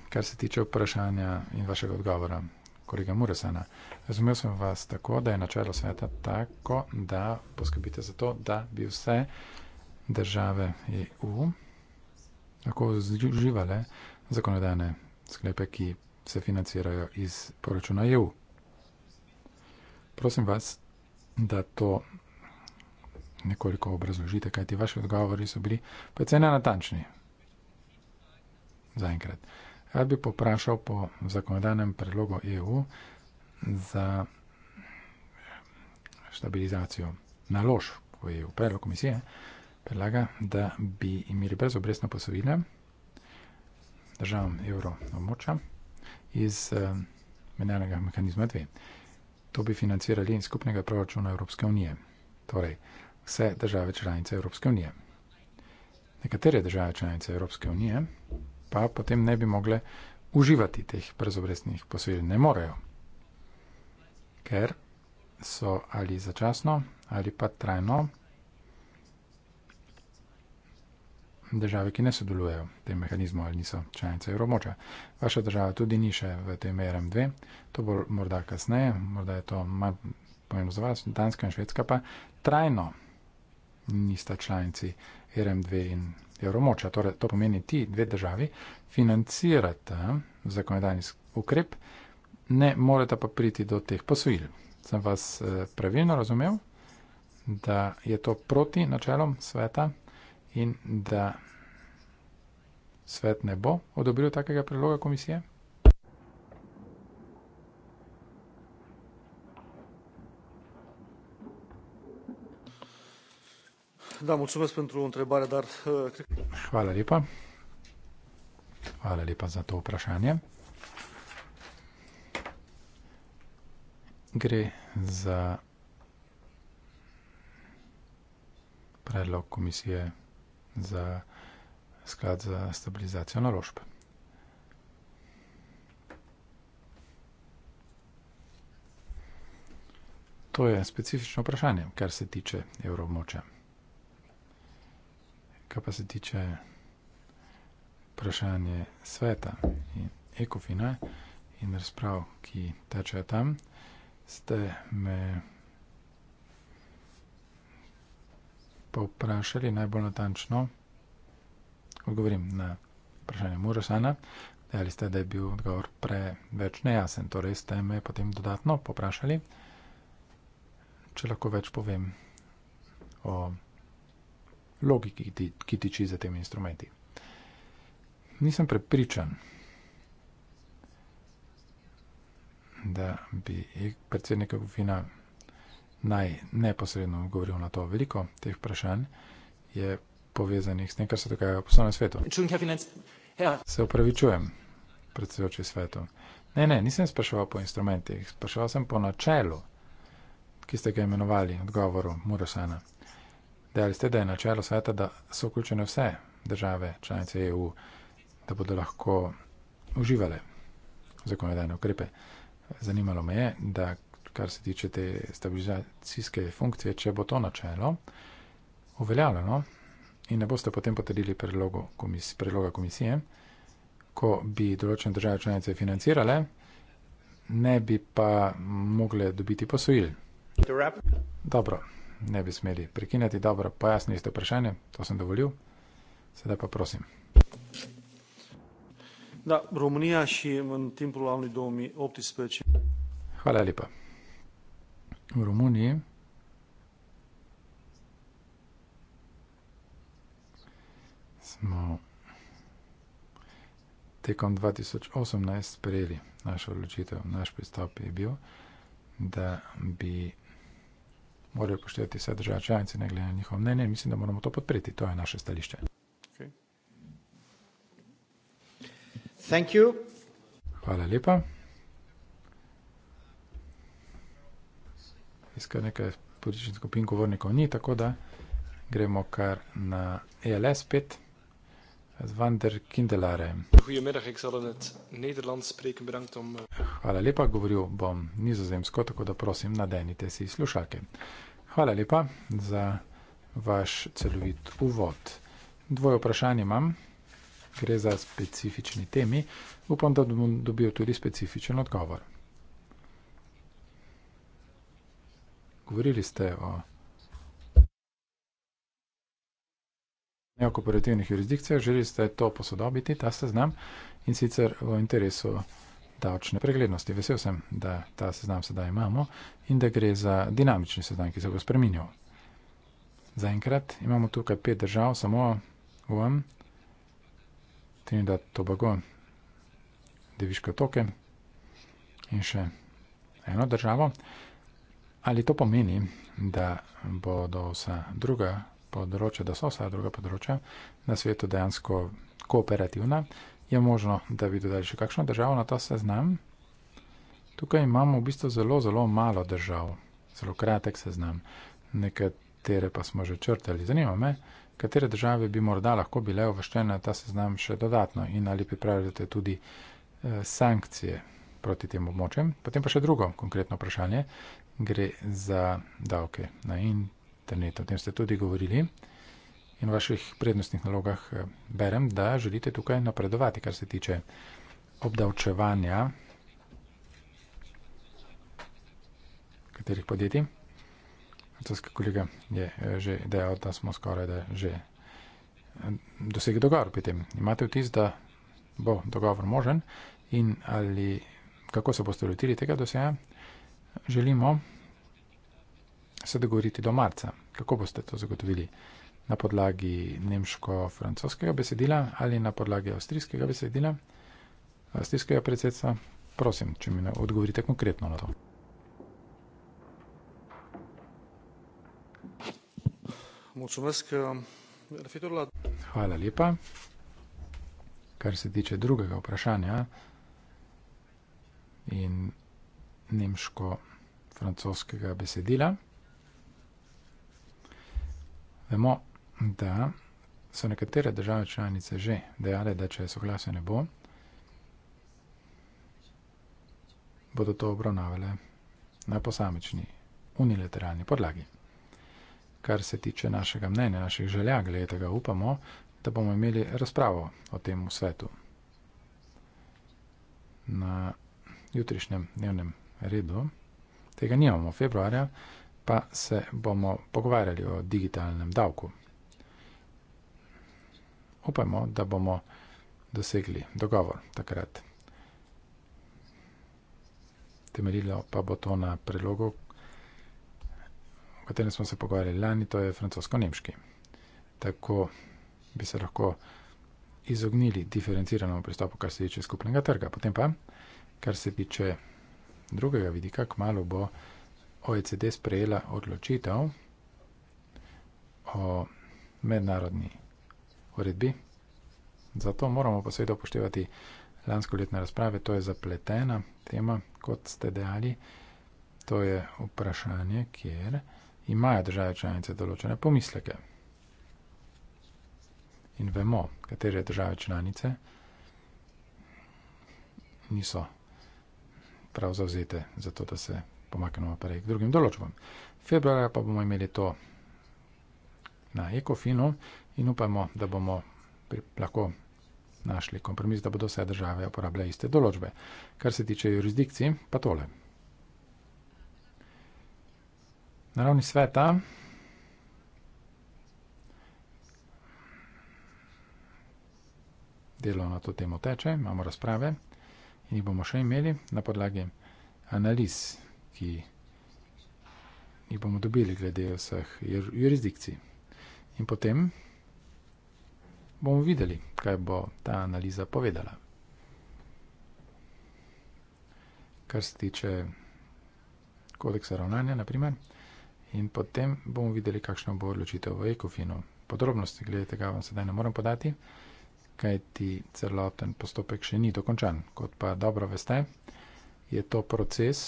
Kar se tiče vprašanja in vašega odgovora, kolega Muresana. Razumel sem vas tako, da je načelo sveta tako, da poskrbite za to, da bi vse države EU lahko uživale zakonodajne sklepe, ki se financirajo iz poračuna EU. Prosim vas, da to nekoliko obrazložite, kajti vaši odgovori so bili precej nenatančni. Zaenkrat. Rad bi poprašal po zakonodajnem predlogu EU za stabilizacijo naložb v EU. Predlog komisije predlaga, da bi imeli brezobresno posovine državam evro območja iz eh, menjalnega mehanizma 2. To bi financirali iz skupnega proračuna Evropske unije. Torej, vse države članice Evropske unije. Nekatere države članice Evropske unije pa potem ne bi mogle uživati teh brezobresnih posojil. Ne morejo, ker so ali začasno ali pa trajno države, ki ne sodelujejo v tem mehanizmu ali niso članice evromoča. Vaša država tudi ni še v tem ERM2, to bo morda kasneje, morda je to manj pomembno za vas, Danska in Švedska pa trajno nista članici ERM2 in evromoča, torej to pomeni ti dve državi, financirata zakonodajni ukrep, ne morete pa priti do teh posojil. Sem vas eh, pravilno razumel, da je to proti načelom sveta in da svet ne bo odobril takega priloga komisije? da, mulțumesc pentru întrebare, dar... Uh, Hvala lepa. Hvala lepa za to vprašanje. Gre za predlog komisije za sklad za stabilizacijo naložb. To je specifično vprašanje, kar se tiče evroobmočja kar pa se tiče vprašanja sveta in ekofina in razprav, ki tečejo tam, ste me povprašali najbolj natančno, odgovorim na vprašanje Murasana, ali ste, da je bil odgovor preveč nejasen, torej ste me potem dodatno poprašali, če lahko več povem o tem, logiki, ki, ki tiči za temi instrumenti. Nisem prepričan, da bi predsednik Gofina naj neposredno govoril na to veliko teh vprašanj, je povezanih s tem, kar se dogaja v poslovnem svetu. Se upravičujem, predsedujoči svetu. Ne, ne, nisem spraševal po instrumentih, spraševal sem po načelu, ki ste ga imenovali odgovoru Murosana. Dejali ste, da je načelo sveta, da so vključene vse države članice EU, da bodo lahko uživale zakonodajne ukrepe. Zanimalo me je, da kar se tiče te stabilizacijske funkcije, če bo to načelo uveljavljeno in ne boste potem potrdili komis predloga komisije, ko bi določene države članice financirale, ne bi pa mogle dobiti posojil. Dobro ne bi smeli prekinjati. Dobro, pojasnili ste vprašanje, to sem dovolil. Sedaj pa prosim. Da, Romunija še v tem polavni domi opti speči. Hvala lepa. V Romuniji. Smo tekom 2018 sprejeli našo odločitev, naš pristop je bil, da bi morajo poštevati vse države članice, ne glede na njihovo mnenje. Mislim, da moramo to podpreti. To je naše stališče. Okay. Hvala lepa. Iskar nekaj političnih skupin govornikov ni, tako da gremo kar na ELS 5 van der Kindelare. Goedemiddag, ik zal in het Nederlands spreken. Bedankt om. Eh, Hvala lepa, govoril bom nizozemsko, tako da prosim, nadenite si slušalke. Hvala lepa za vaš celovit uvod. Dvoje vprašanje imam, gre za specifični temi, upam, da bom dobil tudi specifičen odgovor. Govorili ste o neokooperativnih jurisdikcijah, želeli ste to posodobiti, ta seznam in sicer v interesu davčne preglednosti. Vesel sem, da ta seznam sedaj imamo in da gre za dinamični seznam, ki se bo spremenil. Zaenkrat imamo tukaj pet držav, samo Guam, Trinidad, Tobago, Deviške otoke in še eno državo. Ali to pomeni, da bodo vsa druga področja, da so vsa druga področja na svetu dejansko kooperativna, je možno, da bi dodali še kakšno državo na ta seznam. Tukaj imamo v bistvu zelo, zelo malo držav, zelo kratek seznam, nekatere pa smo že črtali. Zanima me, katere države bi morda lahko bile uvrščene na ta seznam še dodatno in ali pripravljate tudi eh, sankcije proti tem območjem. Potem pa še drugo konkretno vprašanje. Gre za davke na, in, internetu. O tem ste tudi govorili in v vaših prednostnih nalogah eh, berem, da želite tukaj napredovati, kar se tiče obdavčevanja katerih podjetij. Francoski kolega je eh, že dejal, da smo skoraj da že eh, dosegli dogovor pri tem. Imate vtis, da bo dogovor možen in ali kako se boste lotili tega dosega? Želimo, se dogovoriti do marca. Kako boste to zagotovili? Na podlagi nemško-francoskega besedila ali na podlagi avstrijskega besedila, avstrijskega predsedstva? Prosim, če mi odgovorite konkretno na to. Hvala lepa. Kar se tiče drugega vprašanja in nemško-francoskega besedila. Vemo, da so nekatere države članice že dejale, da če soglasja ne bo, bodo to obravnavale na posamični unilateralni podlagi. Kar se tiče našega mnenja, naših želja, glede tega upamo, da bomo imeli razpravo o tem v svetu na jutrišnjem dnevnem redu. Tega nimamo februarja, pa se bomo pogovarjali o digitalnem davku. Upajmo, da bomo dosegli dogovor takrat. Temeljilo pa bo to na prelogu, o katerem smo se pogovarjali lani, to je francosko-nemški. Tako bi se lahko izognili diferenciranemu pristopu, kar se tiče skupnega trga. Potem pa, kar se tiče drugega vidika, kmalo bo. OECD sprejela odločitev o mednarodni uredbi. Zato moramo posebej upoštevati lansko letne razprave. To je zapletena tema, kot ste dejali. To je vprašanje, kjer imajo države članice določene pomisleke. In vemo, katere države članice niso prav zauzete za to, da se pomaknemo prej k drugim določbam. Februarja pa bomo imeli to na ekofinu in upamo, da bomo pri, lahko našli kompromis, da bodo vse države uporabljale iste določbe. Kar se tiče jurisdikcij, pa tole. Na ravni sveta delo na to temo teče, imamo razprave in jih bomo še imeli na podlagi analiz ki jih bomo dobili glede vseh jurisdikcij. In potem bomo videli, kaj bo ta analiza povedala. Kar se tiče kodeksa ravnanja, naprimer, in potem bomo videli, kakšno bo odločitev v ECOFINu. Podrobnosti glede tega vam sedaj ne morem podati, kaj ti celoten postopek še ni dokončan. Kot pa dobro veste, je to proces,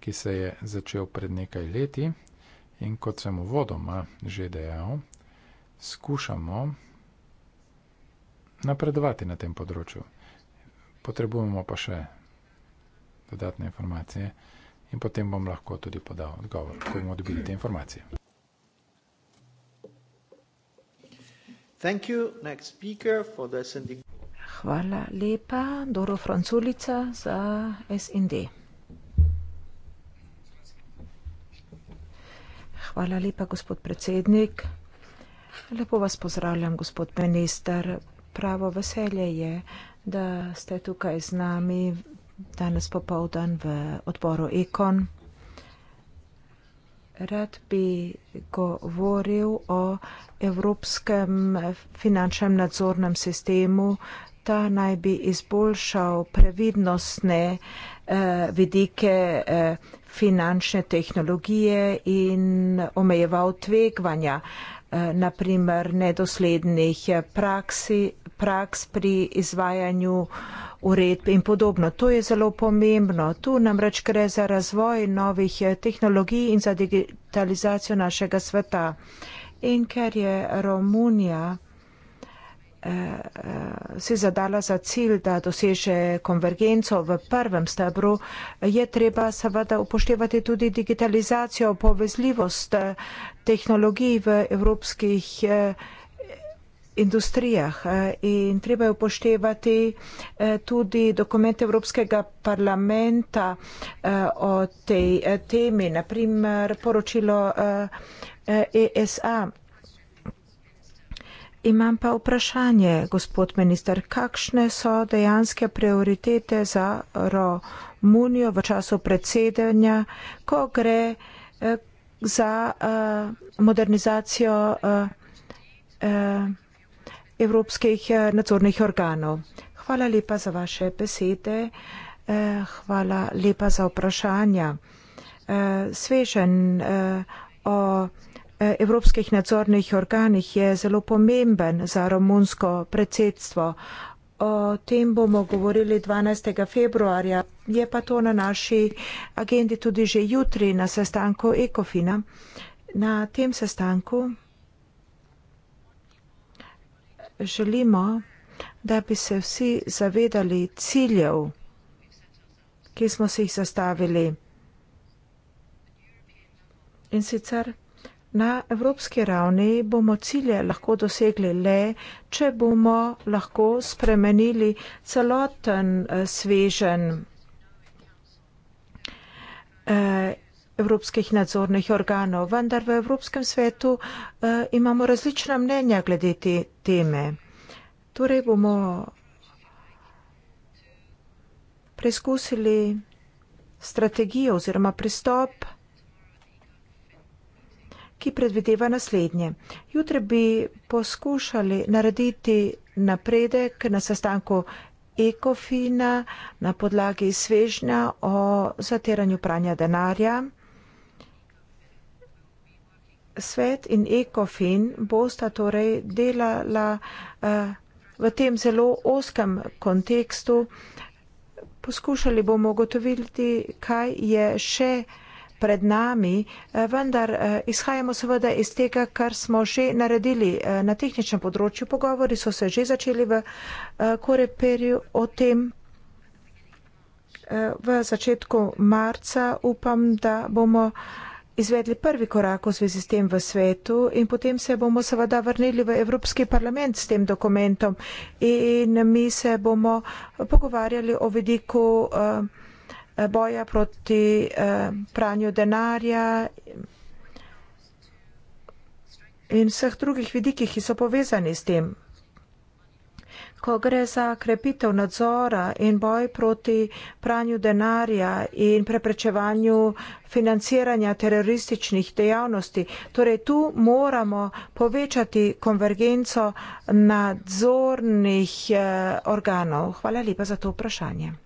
ki se je začel pred nekaj leti in kot sem uvodoma že dejal, skušamo napredovati na tem področju. Potrebujemo pa še dodatne informacije in potem bom lahko tudi podal odgovor, ko bomo dobili te informacije. Thank you, next speaker, for the sending. Hvala lepa, Doro Franculica za SND. Hvala lepa, gospod predsednik. Lepo vas pozdravljam, gospod minister. Pravo veselje je, da ste tukaj z nami danes popovdan v odboru Ekon. Rad bi govoril o evropskem finančnem nadzornem sistemu. Ta naj bi izboljšal previdnostne eh, vidike. Eh, finančne tehnologije in omejeval tvegvanja, eh, naprimer nedoslednih eh, praksi, praks pri izvajanju uredb in podobno. To je zelo pomembno. Tu namreč gre za razvoj novih eh, tehnologij in za digitalizacijo našega sveta. In ker je Romunija Eh, eh, si zadala za cilj, da doseže konvergenco v prvem stebru, je treba seveda upoštevati tudi digitalizacijo, povezljivost eh, tehnologij v evropskih industrijah in treba je upoštevati tudi dokumente Evropskega parlamenta o tej temi, naprimer poročilo ESA e Imam pa vprašanje, gospod minister, kakšne so dejanske prioritete za Romunijo v času predsedanja, ko gre eh, za eh, modernizacijo eh, evropskih nadzornih organov. Hvala lepa za vaše besede, hvala lepa za vprašanja. Svežen o evropskih nadzornih organih je zelo pomemben za romunsko predsedstvo. O tem bomo govorili 12. februarja. Je pa to na naši agendi tudi že jutri na sestanku Ekofina. Na tem sestanku želimo, da bi se vsi zavedali ciljev, ki smo si jih zastavili. In sicer Na evropski ravni bomo cilje lahko dosegli le, če bomo lahko spremenili celoten eh, svežen eh, evropskih nadzornih organov. Vendar v Evropskem svetu eh, imamo različna mnenja glede te teme. Torej bomo preizkusili strategijo oziroma pristop, ki predvideva naslednje. Jutre bi poskušali narediti napredek na sestanku ekofina na podlagi svežnja o zateranju pranja denarja. Svet in ekofin bosta torej delala uh, v tem zelo oskem kontekstu. Poskušali bomo ugotoviti, kaj je še uh, pred nami, eh, vendar eh, izhajamo seveda iz tega, kar smo že naredili eh, na tehničnem področju. Pogovori so se že začeli v Koreperju o tem. V začetku marca upam, da bomo izvedli prvi korak v zvezi s tem v svetu in potem se bomo seveda vrnili v Evropski parlament s tem dokumentom in mi se bomo pogovarjali o vidiku. Uh, Eh, boja proti eh, pranju denarja in vseh drugih vidikih, ki so povezani s tem. Ko gre za krepitev nadzora in boj proti pranju denarja in preprečevanju financiranja terorističnih dejavnosti, torej tu moramo povečati konvergenco nadzornih eh, organov. Hvala lepa za to vprašanje.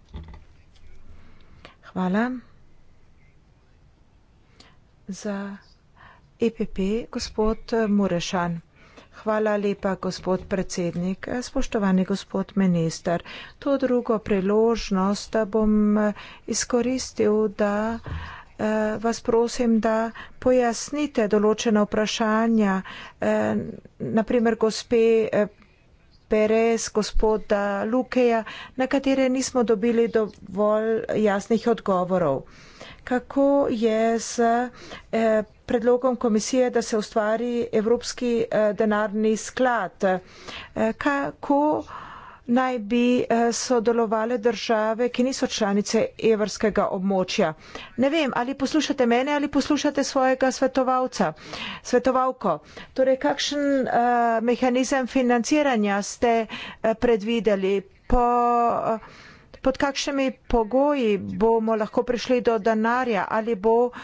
Hvala za EPP, gospod Murešan. Hvala lepa, gospod predsednik. Spoštovani gospod minister, to drugo priložnost bom eh, izkoristil, da eh, vas prosim, da pojasnite določena vprašanja, eh, naprimer gospe Perez, gospoda Lukeja, na katere nismo dobili dovolj jasnih odgovorov. Kako je z eh, predlogom komisije, da se ustvari Evropski eh, denarni sklad? Eh, kako naj bi eh, sodelovali države, ki niso članice evrskega območja. Ne vem, ali poslušate mene ali poslušate svojega svetovalca, svetovalko. Torej, kakšen uh, mehanizem financiranja ste uh, predvideli? Po, uh, pod kakšnimi pogoji bomo lahko prišli do denarja, ali bo eh,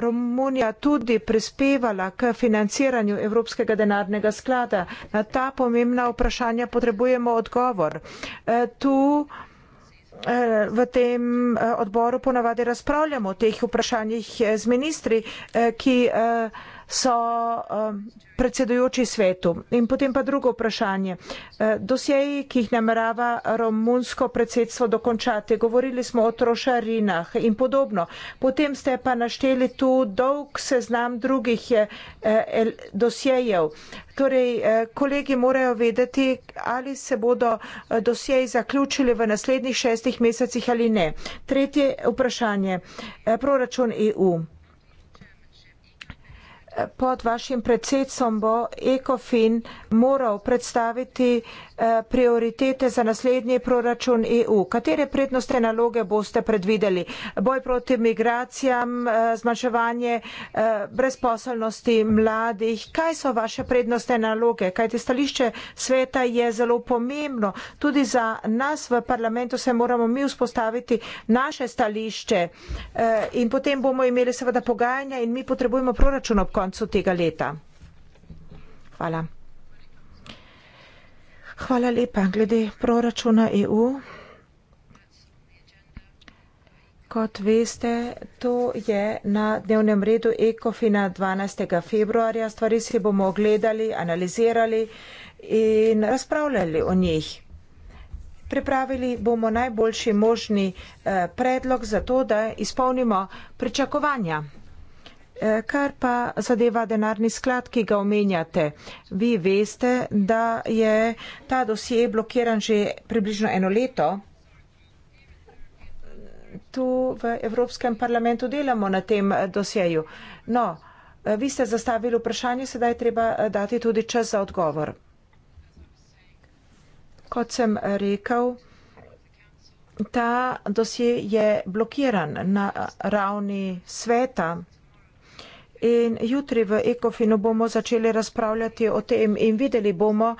Romunija tudi prispevala k financiranju Evropskega denarnega sklada. Na ta pomembna vprašanja potrebujemo odgovor. Eh, tu eh, v tem odboru ponavadi razpravljamo o teh vprašanjih z ministri, ki so um, predsedujoči svetu. In potem pa drugo vprašanje. Eh, dosjeji, ki jih namerava romunsko predsedstvo dokončati, govorili smo o trošarinah in podobno. Potem ste pa našteli tu dolg seznam drugih eh, el, dosjejev. Torej, eh, kolegi morajo vedeti, ali se bodo eh, dosjeji zaključili v naslednjih šestih mesecih ali ne. Tretje vprašanje. Eh, proračun EU pod vašim predsedstvom bo ECOFIN moral predstaviti Eh, prioritete za naslednji proračun EU? Katere prednostne naloge boste predvideli? Boj proti migracijam, eh, zmanjševanje eh, brezposelnosti mladih. Kaj so vaše prednostne naloge? Kaj te stališče sveta je zelo pomembno? Tudi za nas v parlamentu se moramo mi vzpostaviti naše stališče in potem bomo imeli seveda pogajanja in mi potrebujemo proračun ob koncu tega leta. Hvala. Hvala lepa. Glede proračuna EU. Kot veste, to je na dnevnem redu Ekofina 12. februarja. Stvari si bomo ogledali, analizirali in razpravljali o njih. Pripravili bomo najboljši možni eh, predlog za to, da izpolnimo pričakovanja. Eh, kar pa zadeva denarni sklad, ki ga omenjate, vi veste, da je ta dosje blokiran že približno eno leto. Tu v Evropskem parlamentu delamo na tem eh, dosjeju. No, eh, vi ste zastavili vprašanje, sedaj treba dati tudi čas za odgovor. Kot sem rekel, ta dosje je blokiran na ravni sveta. In jutri v Ekofinu bomo začeli razpravljati o tem in videli bomo,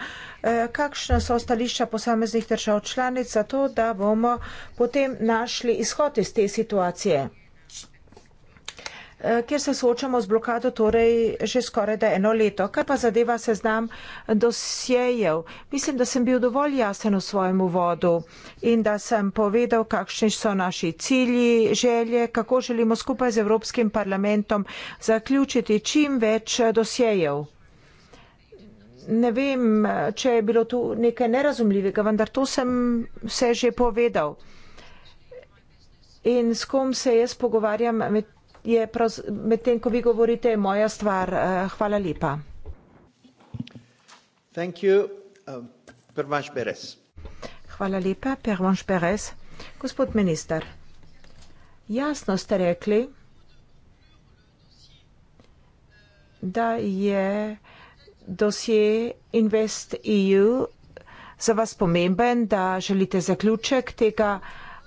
eh, kakšna so stališča posameznih držav članic, zato da bomo potem našli izhod iz te situacije. Eh, kjer se soočamo z blokado torej že skoraj da eno leto. Kaj pa zadeva seznam dosjejev? Mislim, da sem bil dovolj jasen v svojem uvodu in da sem povedal, kakšni so naši cilji, želje, kako želimo skupaj z Evropskim parlamentom zaključiti čim več eh, dosjejev. Ne vem, če je bilo tu nekaj nerazumljivega, vendar to sem vse že povedal. In s kom se jaz pogovarjam med je prav med tem, ko vi govorite, moja stvar. Eh, hvala lepa. Thank you. Uh, Hvala lepa, Pervanš Perez. Gospod minister, jasno ste rekli, da je dosje Invest EU za vas pomemben, da želite zaključek tega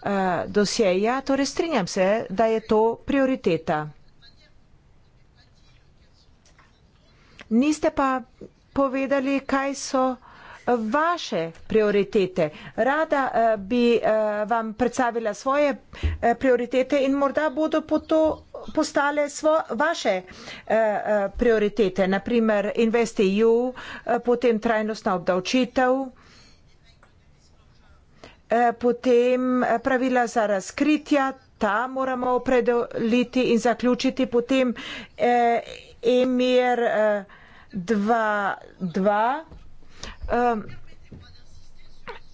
Eh, dosjeja, torej strinjam se, da je to prioriteta. Niste pa povedali, kaj so eh, vaše prioritete. Rada eh, bi vam predstavila svoje prioritete in morda bodo po to postale svo, vaše prioritete, naprimer InvestEU, potem trajnostna obdavčitev. Eh, potem eh, pravila za razkritja, ta moramo opredeliti in zaključiti, potem eh, emir 2.2.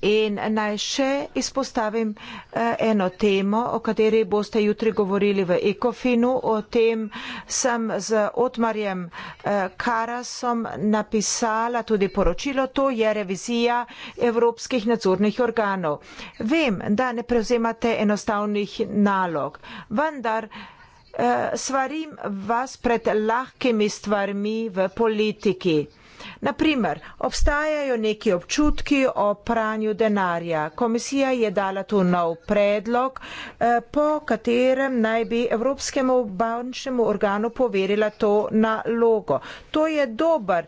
In naj še izpostavim eh, eno temo, o kateri boste jutri govorili v Ekofinu. O tem sem z Otmarjem eh, Karasom napisala tudi poročilo. To je revizija evropskih nadzornih organov. Vem, da ne prevzemate enostavnih nalog, vendar eh, svarim vas pred lahkimi stvarmi v politiki. Naprimer, obstajajo neki občutki o pranju denarja. Komisija je dala tu nov predlog, eh, po katerem naj bi Evropskemu bančnemu organu poverila to nalogo. To je dober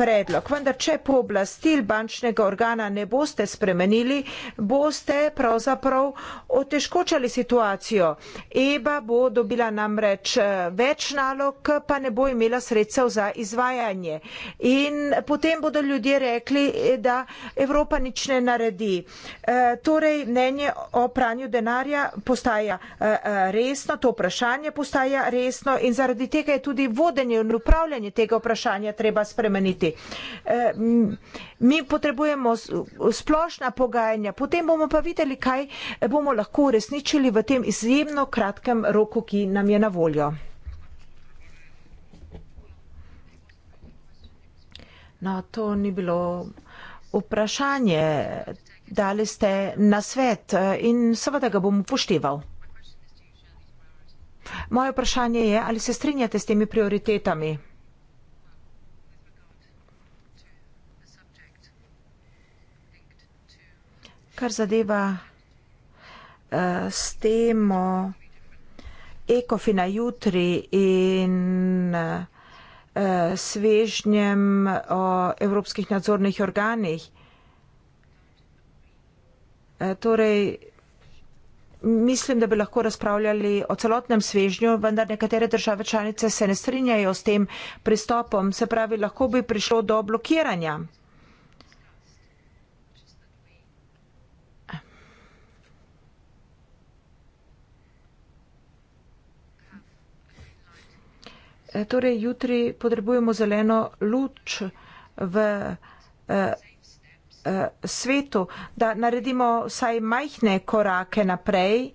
predlog. Vendar, če pooblastil bančnega organa ne boste spremenili, boste pravzaprav otežkočali situacijo. EBA bo dobila namreč eh, več nalog, pa ne bo imela sredstev za izvajanje. In potem bodo ljudje rekli, eh, da Evropa nič ne naredi. E, torej, mnenje o pranju denarja postaja e, resno, to vprašanje postaja resno in zaradi tega je tudi vodenje in upravljanje tega vprašanja treba spremeniti. Eh, mi potrebujemo splošna pogajanja, potem bomo pa videli, kaj bomo lahko uresničili v tem izjemno kratkem roku, ki nam je na voljo. No, to ni bilo vprašanje. Dali ste na svet eh, in seveda ga bom upošteval. Moje vprašanje je, ali se strinjate s temi prioritetami? kar zadeva uh, s temo ekofina jutri in uh, svežnjem o evropskih nadzornih organih. Uh, torej, Mislim, da bi lahko razpravljali o celotnem svežnju, vendar nekatere države članice se ne strinjajo s tem pristopom. Se pravi, lahko bi prišlo do blokiranja. Eh, torej, jutri potrebujemo zeleno luč v eh, eh, svetu, da naredimo vsaj majhne korake naprej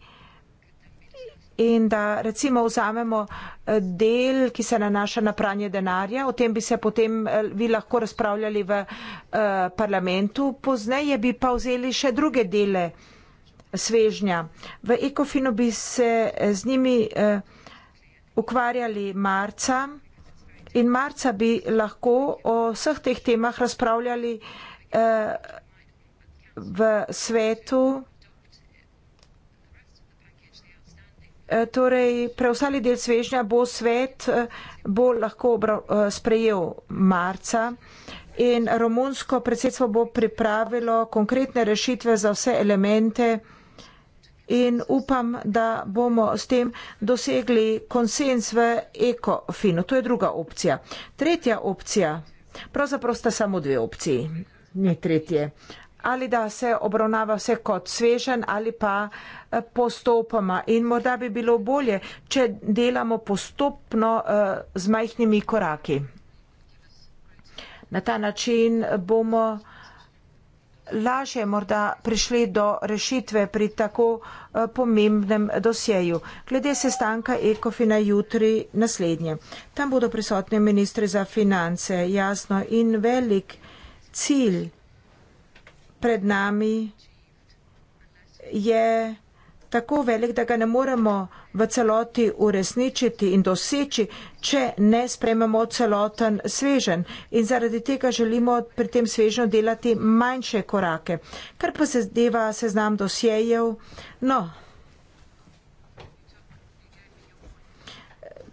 in da recimo vzamemo eh, del, ki se nanaša na pranje denarja. O tem bi se potem eh, vi lahko razpravljali v eh, parlamentu. Pozneje bi pa vzeli še druge dele svežnja. V Ekofinu bi se z njimi. Eh, ukvarjali marca in marca bi lahko o vseh teh temah razpravljali eh, v svetu. Eh, torej, preostali del svežnja bo svet eh, bo lahko obrav, eh, sprejel marca. In romunsko predsedstvo bo pripravilo konkretne rešitve za vse elemente in upam, da bomo s tem dosegli konsens v ekofinu. To je druga opcija. Tretja opcija, pravzaprav sta samo dve opciji, ni tretje. Ali da se obravnava vse kot svežen ali pa eh, postopoma. In morda bi bilo bolje, če delamo postopno eh, z majhnimi koraki. Na ta način bomo lažje morda prišli do rešitve pri tako eh, pomembnem dosjeju. Glede sestanka Ekofina jutri naslednje. Tam bodo prisotni ministri za finance, jasno, in velik cilj pred nami je tako velik, da ga ne moremo v celoti uresničiti in doseči, če ne sprememo celoten svežen. In zaradi tega želimo pri tem svežnju delati manjše korake. Kar pa se zdeva seznam dosjejev, no.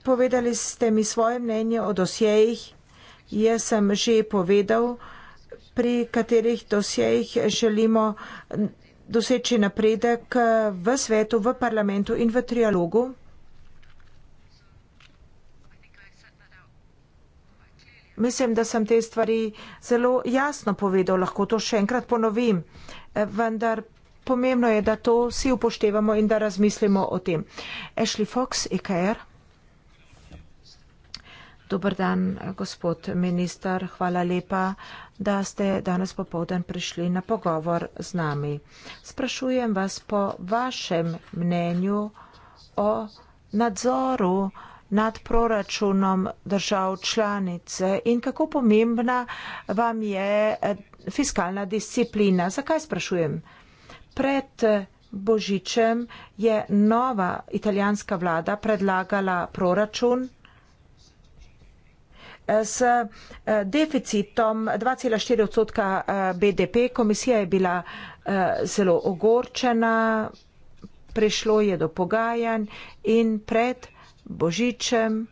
Povedali ste mi svoje mnenje o dosjejih. Jaz sem že povedal, pri katerih dosjejih želimo doseči napredek eh, v svetu, v parlamentu in v trialogu? Mislim, da sem te stvari zelo jasno povedal, lahko to še enkrat ponovim, eh, vendar pomembno je, da to vsi upoštevamo in da razmislimo o tem. Ashley Fox, IKR. E Dobar dan, gospod minister. Hvala lepa, da ste danes popovden prišli na pogovor z nami. Sprašujem vas po vašem mnenju o nadzoru nad proračunom držav članice in kako pomembna vam je eh, fiskalna disciplina. Zakaj sprašujem? Pred eh, Božičem je nova italijanska vlada predlagala proračun s eh, deficitom 2,4 odstotka eh, BDP. Komisija je bila eh, zelo ogorčena, prešlo je do pogajanj in pred Božičem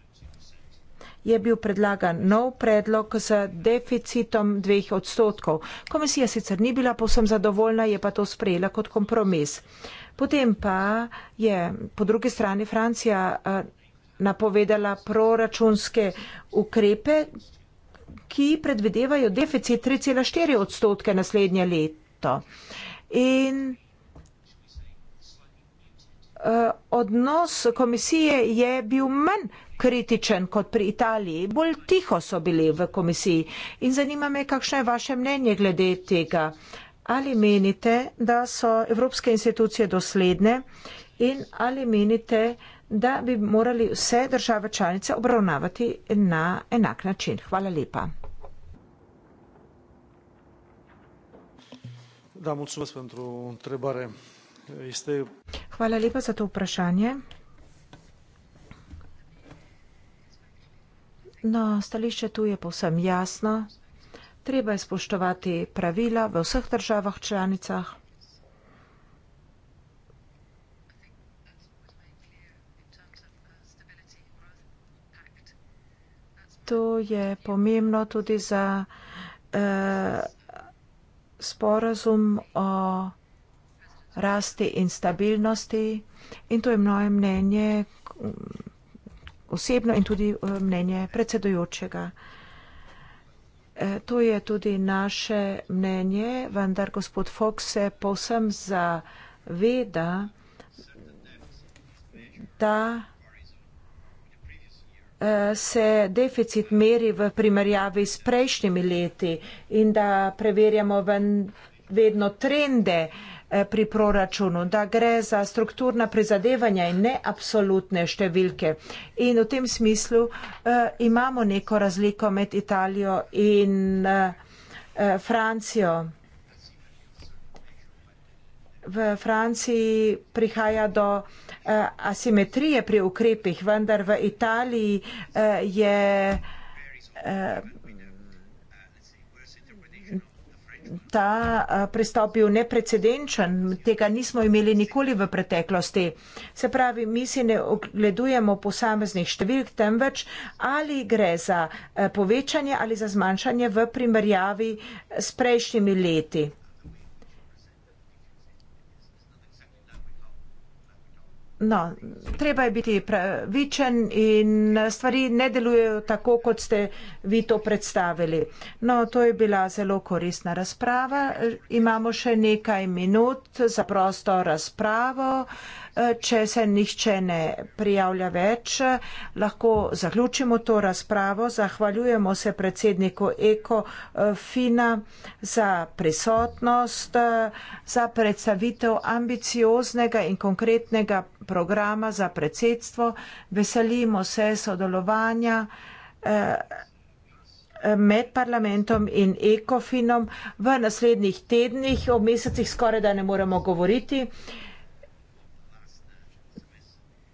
je bil predlagan nov predlog z deficitom dveh odstotkov. Komisija sicer ni bila povsem zadovoljna, je pa to sprejela kot kompromis. Potem pa je po drugi strani Francija napovedala proračunske ukrepe, ki predvidevajo deficit 3,4 odstotke naslednje leto. In eh, odnos komisije je bil manj kritičen kot pri Italiji. Bolj tiho so bili v komisiji. In zanima me, kakšno je vaše mnenje glede tega. Ali menite, da so evropske institucije dosledne in ali menite, da da bi morali vse države članice obravnavati na enak način. Hvala lepa. Da, Iste... Hvala lepa za to vprašanje. No, stališče tu je povsem jasno. Treba je spoštovati pravila v vseh državah članicah. svetu je pomembno tudi za eh, sporazum o rasti in stabilnosti in to je moje mnenje osebno in tudi eh, mnenje predsedujočega. Eh, to je tudi naše mnenje, vendar gospod Fox se posem zaveda, da se deficit meri v primerjavi s prejšnjimi leti in da preverjamo ven, vedno trende eh, pri proračunu, da gre za strukturna prizadevanja in ne absolutne številke. In v tem smislu uh, imamo neko razliko med Italijo in uh, uh, Francijo. V Franciji prihaja do uh, Eh, asimetrije pri ukrepih, vendar v Italiji eh, je eh, ta pristop bil neprecedenčen, tega nismo imeli nikoli v preteklosti. Se pravi, mi si ne ogledujemo posameznih številk, temveč ali gre za povečanje ali za zmanjšanje v primerjavi s prejšnjimi leti. No, treba je biti pravičen in stvari ne delujejo tako, kot ste vi to predstavili. No, to je bila zelo koristna razprava. Imamo še nekaj minut za prosto razpravo. Če se nihče ne prijavlja več, lahko zaključimo to razpravo. Zahvaljujemo se predsedniku Eko Fina za prisotnost, za predstavitev ambicioznega in konkretnega programa za predsedstvo. Veselimo se sodelovanja eh, med parlamentom in ekofinom v naslednjih tednih, o mesecih skoraj da ne moremo govoriti.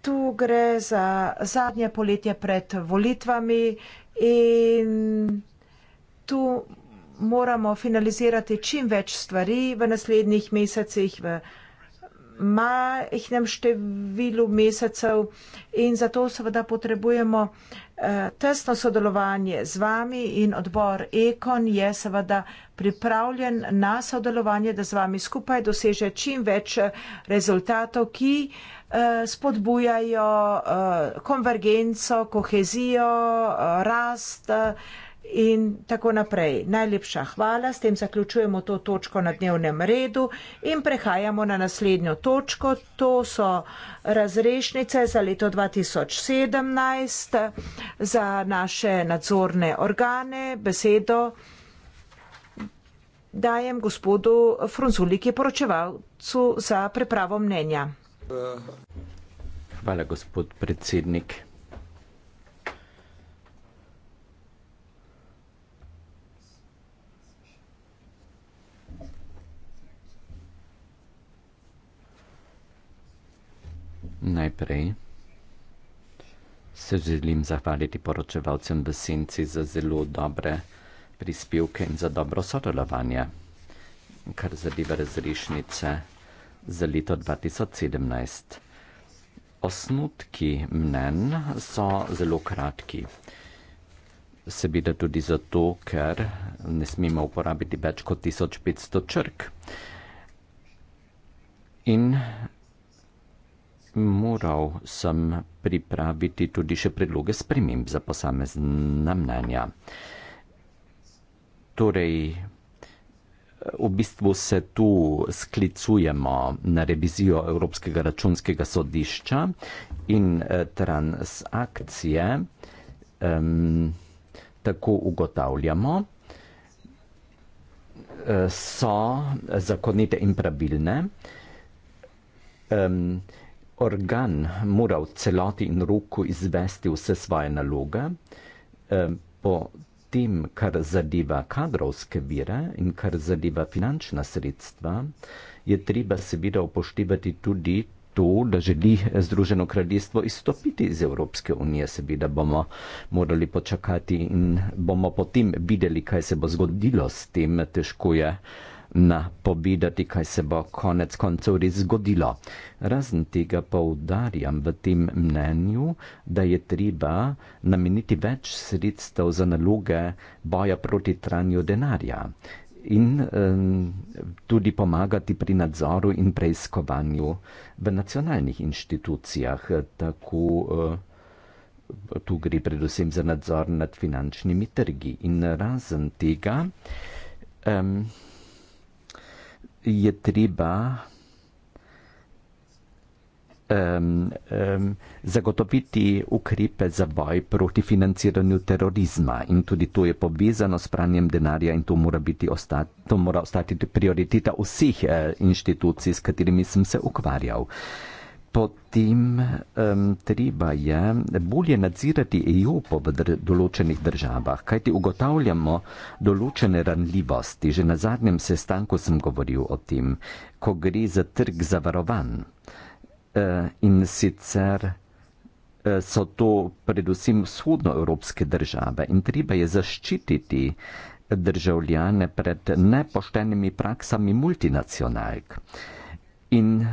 Tu gre za zadnje poletje pred volitvami in tu moramo finalizirati čim več stvari v naslednjih mesecih. V majhnem številu mesecev in zato seveda potrebujemo eh, tesno sodelovanje z vami in odbor Ekon je seveda pripravljen na sodelovanje, da z vami skupaj doseže čim več eh, rezultatov, ki eh, spodbujajo konvergenco, kohezijo, rast in tako naprej. Najlepša hvala, s tem zaključujemo to točko na dnevnem redu in prehajamo na naslednjo točko. To so razrešnice za leto 2017 za naše nadzorne organe. Besedo dajem gospodu Frunzuliki, poročevalcu za pripravo mnenja. Hvala, gospod predsednik. najprej se želim zahvaliti poročevalcem v Senci za zelo dobre prispevke in za dobro sodelovanje, kar zadeva razrešnice za leto 2017. Osnutki mnen so zelo kratki. Seveda tudi zato, ker ne smemo uporabiti več kot 1500 črk. In moral sem pripraviti tudi še predloge sprememb za posamezna mnenja. Torej, v bistvu se tu sklicujemo na revizijo Evropskega računskega sodišča in eh, transakcije, um, tako ugotavljamo, eh, so zakonite in pravilne. Um, organ moral celoti in roku izvesti vse svoje naloge, eh, po tem, kar zadeva kadrovske vire in kar zadeva finančna sredstva, je treba seveda upoštevati tudi to, da želi eh, Združeno kraljestvo izstopiti iz Evropske unije. Seveda bomo morali počakati in bomo potem videli, kaj se bo zgodilo s tem. Težko je napovedati, kaj se bo konec koncev res zgodilo. Razen tega poudarjam v tem mnenju, da je treba nameniti več sredstev za naloge boja proti tranju denarja in um, tudi pomagati pri nadzoru in preiskovanju v nacionalnih inštitucijah. Tako, eh, Tu gre predvsem za nadzor nad finančnimi trgi in razen tega. Um je treba um, um, zagotoviti ukrepe za boj proti financiranju terorizma in tudi to je povezano s pranjem denarja in to mora, biti ostati, to mora ostati prioriteta vseh uh, inštitucij, s katerimi sem se ukvarjal. Uh, potem um, treba je bolje nadzirati EU po dr določenih državah, kajti ugotavljamo določene ranljivosti. Že na zadnjem sestanku sem govoril o tem, ko gre za trg zavarovan uh, e, in sicer uh, so to predvsem vzhodnoevropske države in treba je zaščititi državljane pred nepoštenimi praksami multinacionalk. Uh, In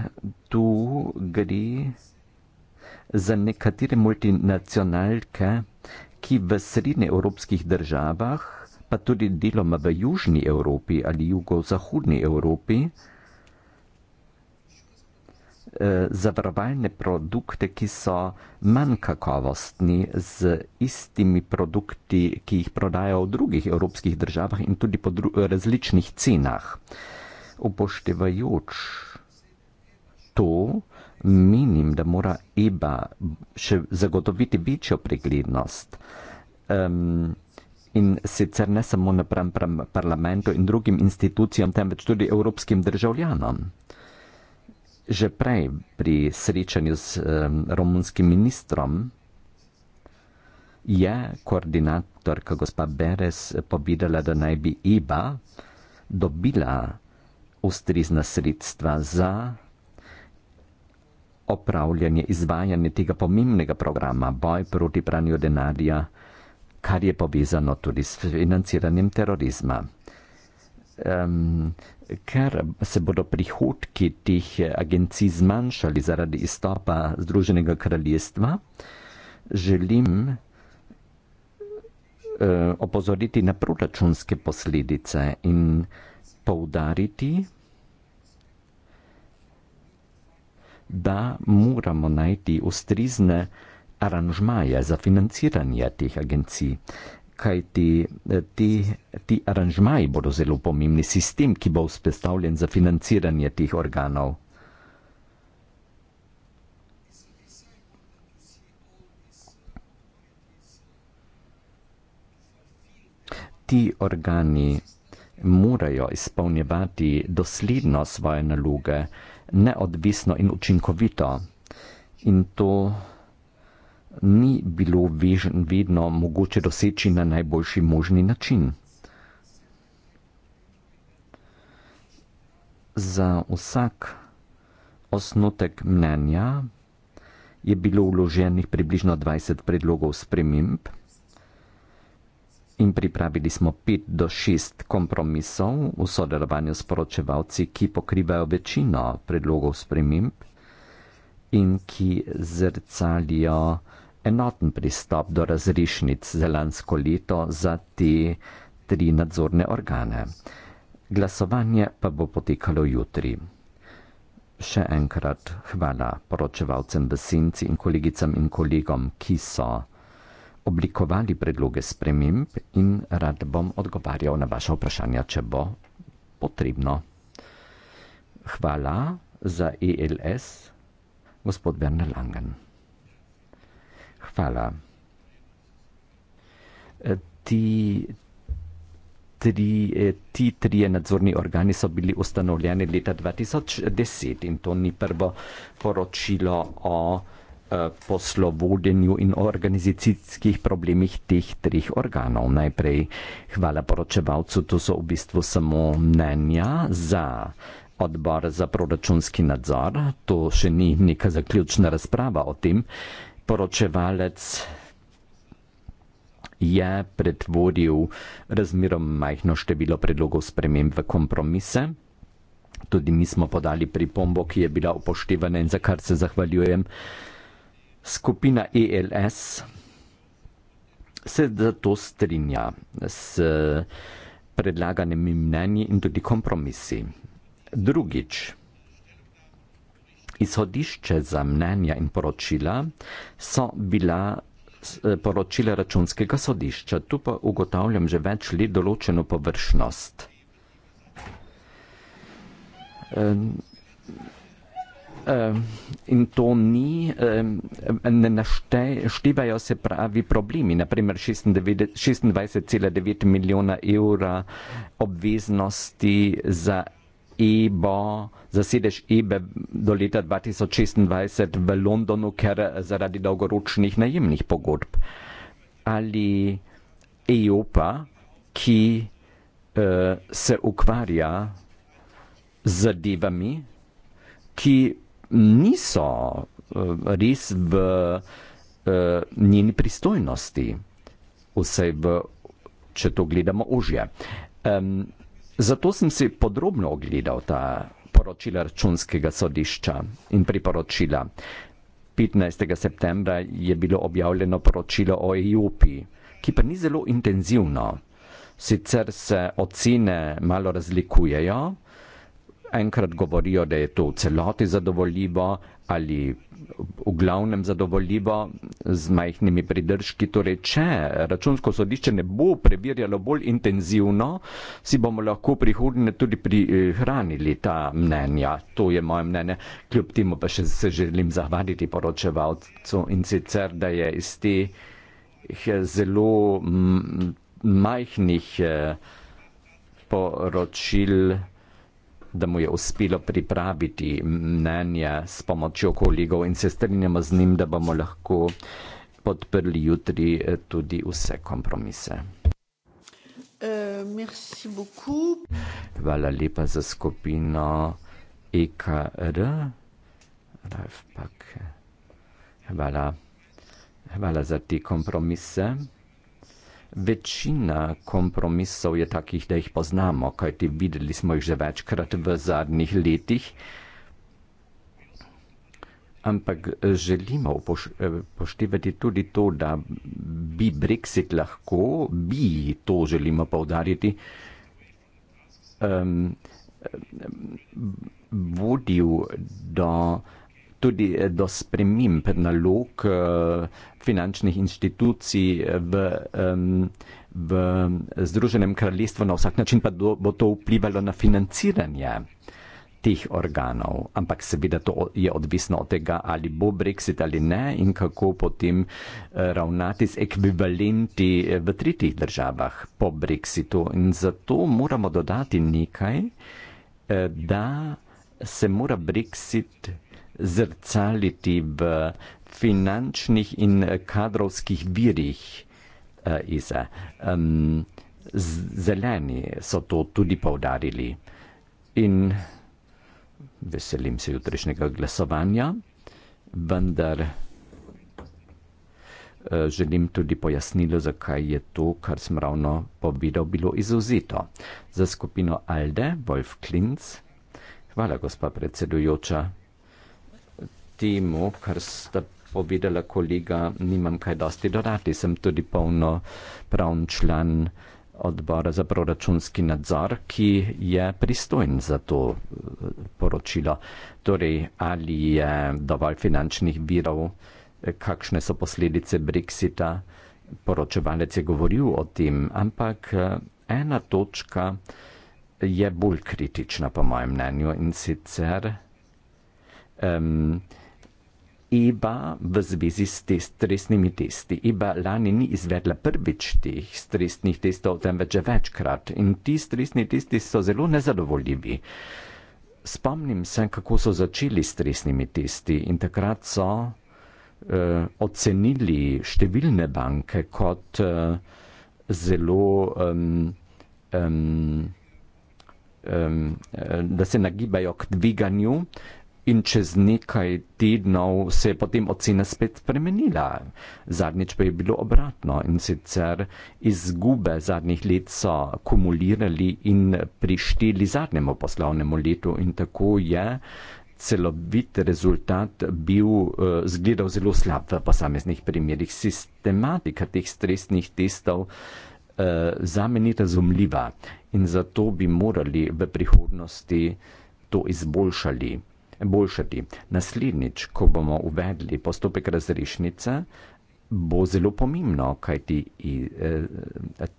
tu gre za nekatere multinacionalke, ki v srednjeevropskih državah, pa tudi deloma v južni Evropi ali jugozahodni Evropi, eh, zavarovalne produkte, ki so manj kakovostni z istimi produkti, ki jih prodajo v drugih evropskih državah in tudi po različnih cenah. Upoštevajoč to menim, da mora EBA še zagotoviti večjo preglednost. Um, in sicer ne samo napram parlamentu in drugim institucijam, temveč tudi evropskim državljanom. Že prej pri srečanju z um, romunskim ministrom je koordinatorka gospa Beres povedala, da naj bi EBA dobila ustrizna sredstva za opravljanje, izvajanje tega pomembnega programa, boj proti pranju denarja, kar je povezano tudi s financiranjem terorizma. Um, ker se bodo prihodki teh agencij zmanjšali zaradi izstopa Združenega kraljestva, želim uh, opozoriti na proračunske posledice in poudariti, da moramo najti ustrizne aranžmaje za financiranje teh agencij. Kaj ti, eh, ti, ti aranžmaji bodo zelo pomembni, sistem, ki bo vzpostavljen za financiranje teh organov. Ti organi morajo izpolnjevati dosledno svoje naloge, neodvisno in učinkovito. In to ni bilo vežen, vedno mogoče doseči na najboljši možni način. Za vsak osnotek mnenja je bilo vloženih približno 20 predlogov sprememb in pripravili smo pet do šest kompromisov v sodelovanju s poročevalci, ki pokrivajo večino predlogov sprememb in ki zrcalijo enoten pristop do razrešnic za lansko leto za te tri nadzorne organe. Glasovanje pa bo potekalo jutri. Še enkrat hvala poročevalcem v senci in kolegicam in kolegom, ki so oblikovali predloge sprememb in rad bom odgovarjal na vaše vprašanja, če bo potrebno. Hvala za ELS, gospod Werner Langen. Hvala. Ti, tri, eh, ti trije nadzorni organi so bili ustanovljeni leta 2010 in to ni prvo poročilo o Eh, poslovodenju in organizacijskih problemih teh treh organov. Najprej hvala poročevalcu, to so v bistvu samo mnenja za odbor za proračunski nadzor, to še ni neka zaključna razprava o tem. Poročevalec je pretvoril razmerom majhno število predlogov sprememb v kompromise. Tudi mi smo podali pripombo, ki je bila upoštevana in za kar se zahvaljujem. Uh, skupina ELS se zato strinja s predlaganimi mnenji in tudi kompromisi. Drugič, izhodišče za mnenja in poročila so bila poročila računskega sodišča. Tu pa ugotavljam že več let določeno površnost. Ehm, in to ni, ehm, ne naštevajo se pravi problemi. Naprimer 26,9 milijona evra obveznosti za EBO, za sedež EBE do leta 2026 v Londonu, ker zaradi dolgoročnih najemnih pogodb. Ali EOPA, ki eh, se ukvarja z zadevami, ki niso eh, res v uh, njeni pristojnosti, vsaj v, če to gledamo užje. Um, zato sem si podrobno ogledal ta poročila računskega sodišča in priporočila. 15. septembra je bilo objavljeno poročilo o EUPI, ki pa ni zelo intenzivno. Sicer se ocene malo razlikujejo, enkrat govorijo, da je to v celoti zadovoljivo ali v glavnem zadovoljivo z majhnimi pridržki. Torej, če računsko sodišče ne bo preverjalo bolj intenzivno, si bomo lahko prihodnje tudi prihranili ta mnenja. To je moje mnenje. Kljub temu pa še se želim zahvaliti poročevalcu in sicer, da je iz teh zelo majhnih eh, poročil da mu je uspelo pripraviti mnenje s pomočjo kolegov in se strinjamo z njim, da bomo lahko podprli jutri eh, tudi vse kompromise. Eh, Hvala lepa za skupino EKR. Hvala. Hvala za te kompromise. Večina kompromisov je takih, da jih poznamo, kajti videli smo jih že večkrat v zadnjih letih. Ampak želimo eh, upoštevati tudi to, da bi Brexit lahko, bi to želimo povdariti, um, vodil do, tudi eh, do sprememb nalog. Uh, finančnih inštitucij eh, v, um, v Združenem kraljestvu, na vsak način pa do, bo to vplivalo na financiranje teh organov. Ampak seveda to je odvisno od tega, ali bo Brexit ali ne in kako potem eh, ravnati z ekvivalenti eh, v tretjih državah po Brexitu. In zato moramo dodati nekaj, da se mora Brexit zrcaliti v finančnih in eh, kadrovskih virih uh, eh, iz um, zeleni so to tudi povdarili. In veselim se jutrišnjega glasovanja, vendar eh, Želim tudi pojasnilo, zakaj je to, kar sem ravno povedal, bilo izuzito. Za skupino Alde, Wolf Klinc, hvala gospa predsedujoča temu, kar ste povedala kolega, nimam kaj dosti dodati, sem tudi polno pravn član odbora za proračunski nadzor, ki je pristojen za to eh, poročilo. Torej, ali je dovolj finančnih virov, eh, kakšne so posledice Brexita, poročevalec je govoril o tem, ampak eh, ena točka je bolj kritična, po mojem mnenju, in sicer um, EBA v zvezi s te stresnimi testi. EBA lani ni izvedla prvič teh stresnih testov, temveč že večkrat in ti stresni testi so zelo nezadovoljivi. Spomnim se, kako so začeli s stresnimi testi in takrat so eh, ocenili številne banke kot eh, zelo. Um, um, um, da se nagibajo k dviganju. In čez nekaj tednov se je potem ocena spet spremenila. Zadnjič pa je bilo obratno in sicer izgube zadnjih let so kumulirali in prišteli zadnjemu poslovnemu letu in tako je celovit rezultat bil eh, zgledal zelo slab v posameznih primerjih. Sistematika teh stresnih testov eh, zame ni razumljiva in zato bi morali v prihodnosti to izboljšali boljšati. Naslednjič, ko bomo uvedli postopek razrešnice, bo zelo pomembno, kaj eh, eh,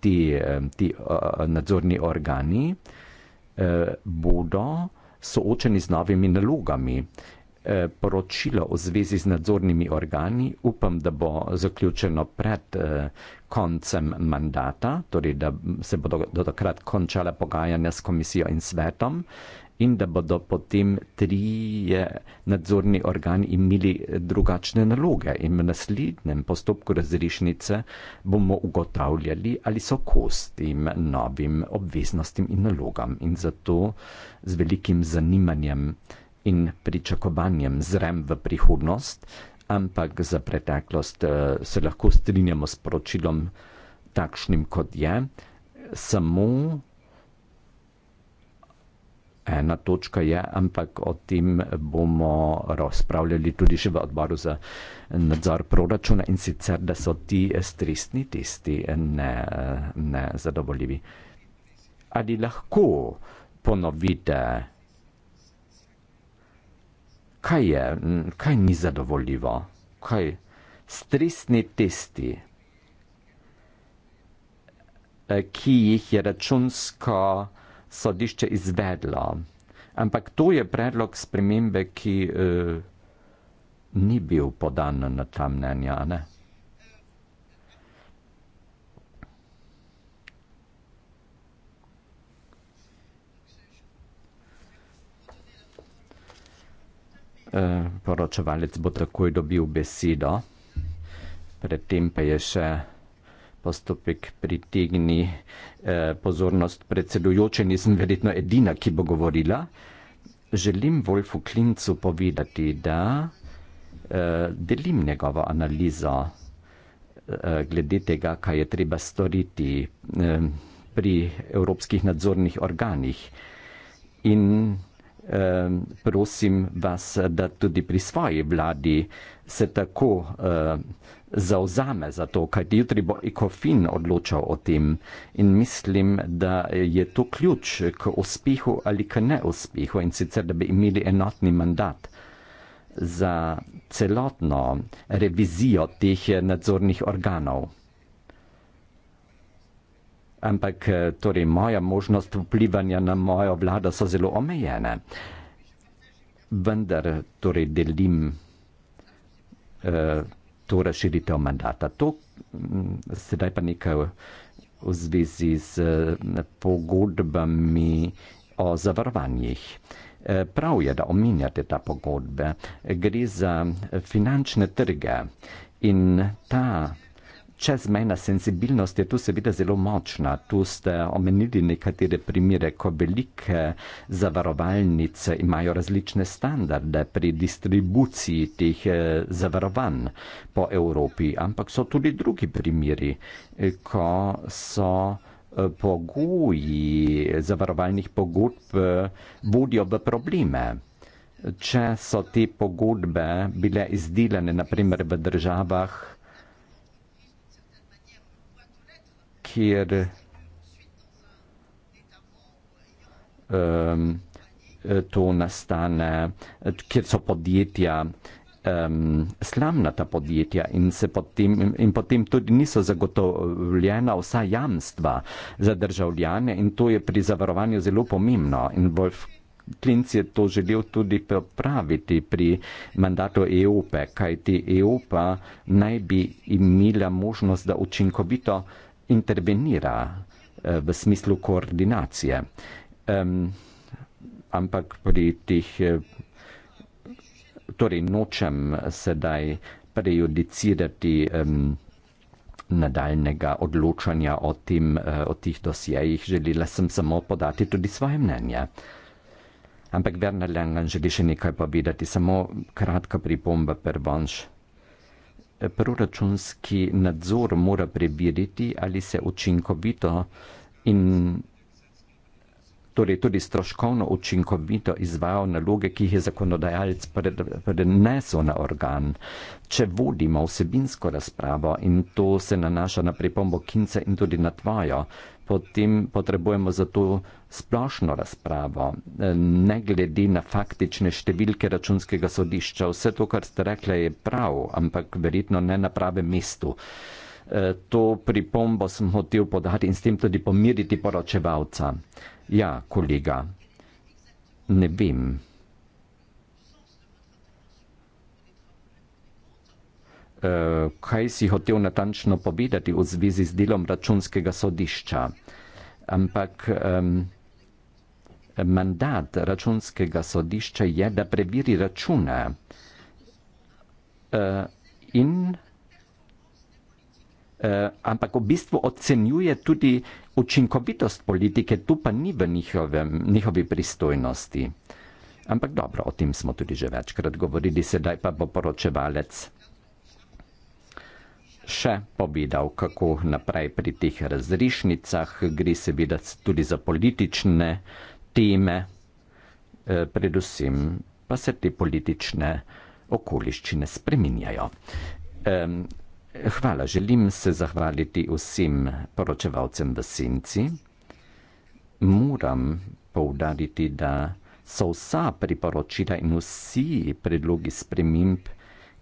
ti, ti, ti, ti nadzorni organi eh, bodo soočeni z novimi nalogami. Poročilo v zvezi z nadzornimi organi upam, da bo zaključeno pred koncem mandata, torej da se bodo do takrat končale pogajanja s komisijo in svetom in da bodo potem tri nadzorni organi imeli drugačne naloge in v naslednjem postopku razrešnice bomo ugotavljali, ali so kos tem novim obveznostim in nalogam in zato z velikim zanimanjem in pričakovanjem zrem v prihodnost, ampak za preteklost eh, se lahko strinjamo s poročilom takšnim, kot je, samo ena točka je, ampak o tem bomo razpravljali tudi še v odboru za nadzor proračuna in sicer, da so ti stresni testi nezadovoljivi. Ne Ali lahko ponovite, kaj je, kaj ni zadovoljivo, kaj stresni testi? Eh, ki jih je računsko sodišče izvedlo. Ampak to je predlog spremembe, ki uh, ni bil podan na ta mnenja. Ne? Eh, poročevalec bo takoj dobil besedo, predtem pa je še postopek pritegni Eh, pozornost predsedujoče, nisem verjetno edina, ki bo govorila. Želim Wolfu Klincu povedati, da uh, delim njegovo analizo uh, glede tega, kaj je treba storiti uh, pri evropskih nadzornih organih. In uh, prosim vas, da tudi pri svoji vladi se tako uh, zauzame za to, kajti jutri bo ekofin odločal o tem in mislim, da je to ključ k uspehu ali k neuspehu in sicer, da bi imeli enotni mandat za celotno revizijo teh nadzornih organov. Ampak torej moja možnost vplivanja na mojo vlado so zelo omejene. Vendar torej delim uh, to razširitev mandata. To mm, sedaj pa nekaj v zvezi z eh, pogodbami o zavarovanjih. Eh, prav je, da omenjate ta pogodbe. Gre za finančne trge in ta čezmejna sensibilnost je tu seveda zelo močna. Tu ste omenili nekatere primere, ko velike zavarovalnice imajo različne standarde pri distribuciji teh eh, zavarovanj po Evropi, ampak so tudi drugi primeri, eh, ko so eh, pogoji zavarovalnih pogodb vodijo v probleme. Če so te pogodbe bile izdelane naprimer v državah, verkeerde um, tona stane, kjer so podjetja, um, slamnata podjetja in, potem, in potem tudi niso zagotovljena vsa jamstva za državljane in to je pri zavarovanju zelo pomembno. Klinc je to želel tudi praviti pri mandatu EOP, kajti EOP naj bi imela možnost, da učinkovito uh, intervenira eh, v smislu koordinacije. Um, ampak pri tih, eh, torej nočem sedaj prejudicirati um, nadaljnega odločanja o, tem, eh, o tih dosjejih, želela sem samo podati tudi svoje mnenje. Ampak Werner Lengen želi še nekaj povedati, samo kratka pripomba prvonš proračunski nadzor mora preveriti, ali se učinkovito in torej tudi stroškovno učinkovito izvajo naloge, ki jih je zakonodajalec prenesel na organ. Če vodimo vsebinsko razpravo in to se nanaša na pripombo Kince in tudi na tvojo, potem potrebujemo za to splošno razpravo, eh, ne glede na faktične številke računskega sodišča. Vse to, kar ste rekli, je prav, ampak verjetno ne na pravem mestu. Eh, to pripombo sem hotel podati in s tem tudi pomiriti poročevalca. Ja, kolega, ne vem. uh, kaj si hotel natančno povedati v zvezi z delom računskega sodišča. Ampak um, mandat računskega sodišča je, da preveri račune uh, in Uh, ampak v bistvu ocenjuje tudi učinkovitost politike, tu pa ni v njihovem, njihovi pristojnosti. Ampak dobro, o tem smo tudi že večkrat govorili, sedaj pa bo poročevalec še povedal, kako naprej pri teh razrišnicah, gre seveda tudi za politične teme, eh, predvsem pa se te politične okoliščine spreminjajo. Hvala, želim se zahvaliti vsem poročevalcem v senci. Moram poudariti, da so vsa priporočila in vsi predlogi sprememb,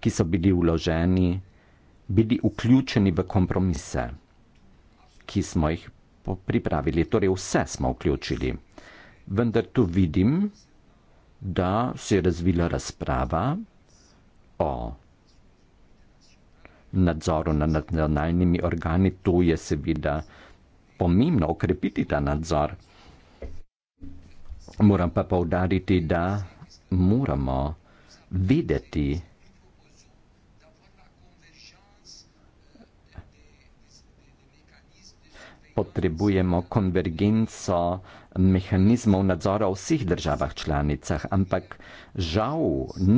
ki so bili vloženi bili vključeni v kompromise, ki smo jih pripravili. Torej, vse smo vključili. Vendar tu vidim, da se je razvila razprava o nadzoru nad nacionalnimi organi. Tu je seveda pomembno okrepiti ta nadzor. Moram pa povdariti, da moramo vedeti, potrebujemo konvergenco mehanizmov nadzora v vseh državah članicah, ampak žal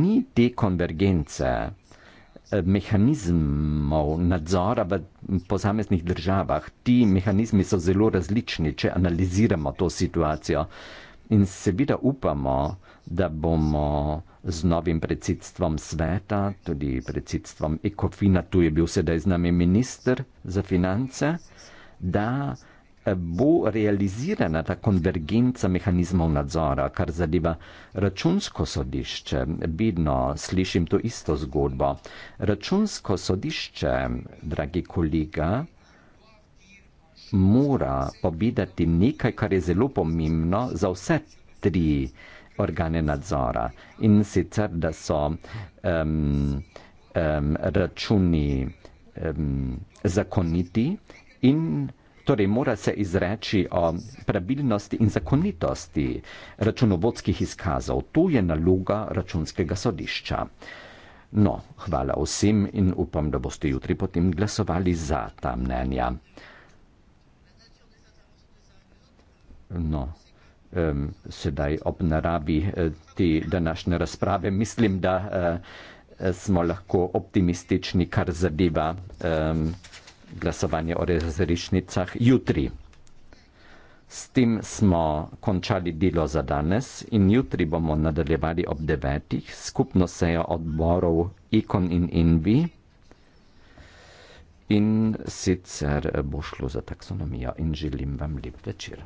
ni te konvergence eh, mehanizmov nadzora v posameznih državah. Ti mehanizmi so zelo različni, če analiziramo to situacijo. In seveda upamo, da bomo z novim predsedstvom sveta, tudi predsedstvom Ekofina, tu je bil sedaj z nami minister za finance, da eh, bo realizirana ta konvergenca mehanizmov nadzora, kar zadeva računsko sodišče. Vedno slišim to isto zgodbo. Računsko sodišče, dragi kolega, mora povedati nekaj, kar je zelo pomembno za vse tri organe nadzora in sicer, da so um, um, računi um, zakoniti in torej mora se izreči o pravilnosti in zakonitosti računovodskih izkazov. To je naloga računskega sodišča. No, hvala vsem in upam, da boste jutri potem glasovali za ta mnenja. No, um, sedaj ob naravi eh, te današnje razprave mislim, da uh, smo lahko optimistični, kar zadeva. Um, glasovanje o različnicah jutri. S tem smo končali delo za danes in jutri bomo nadaljevali ob devetih skupno sejo odborov Ikon in Envi in sicer bo šlo za taksonomijo in želim vam lep večer.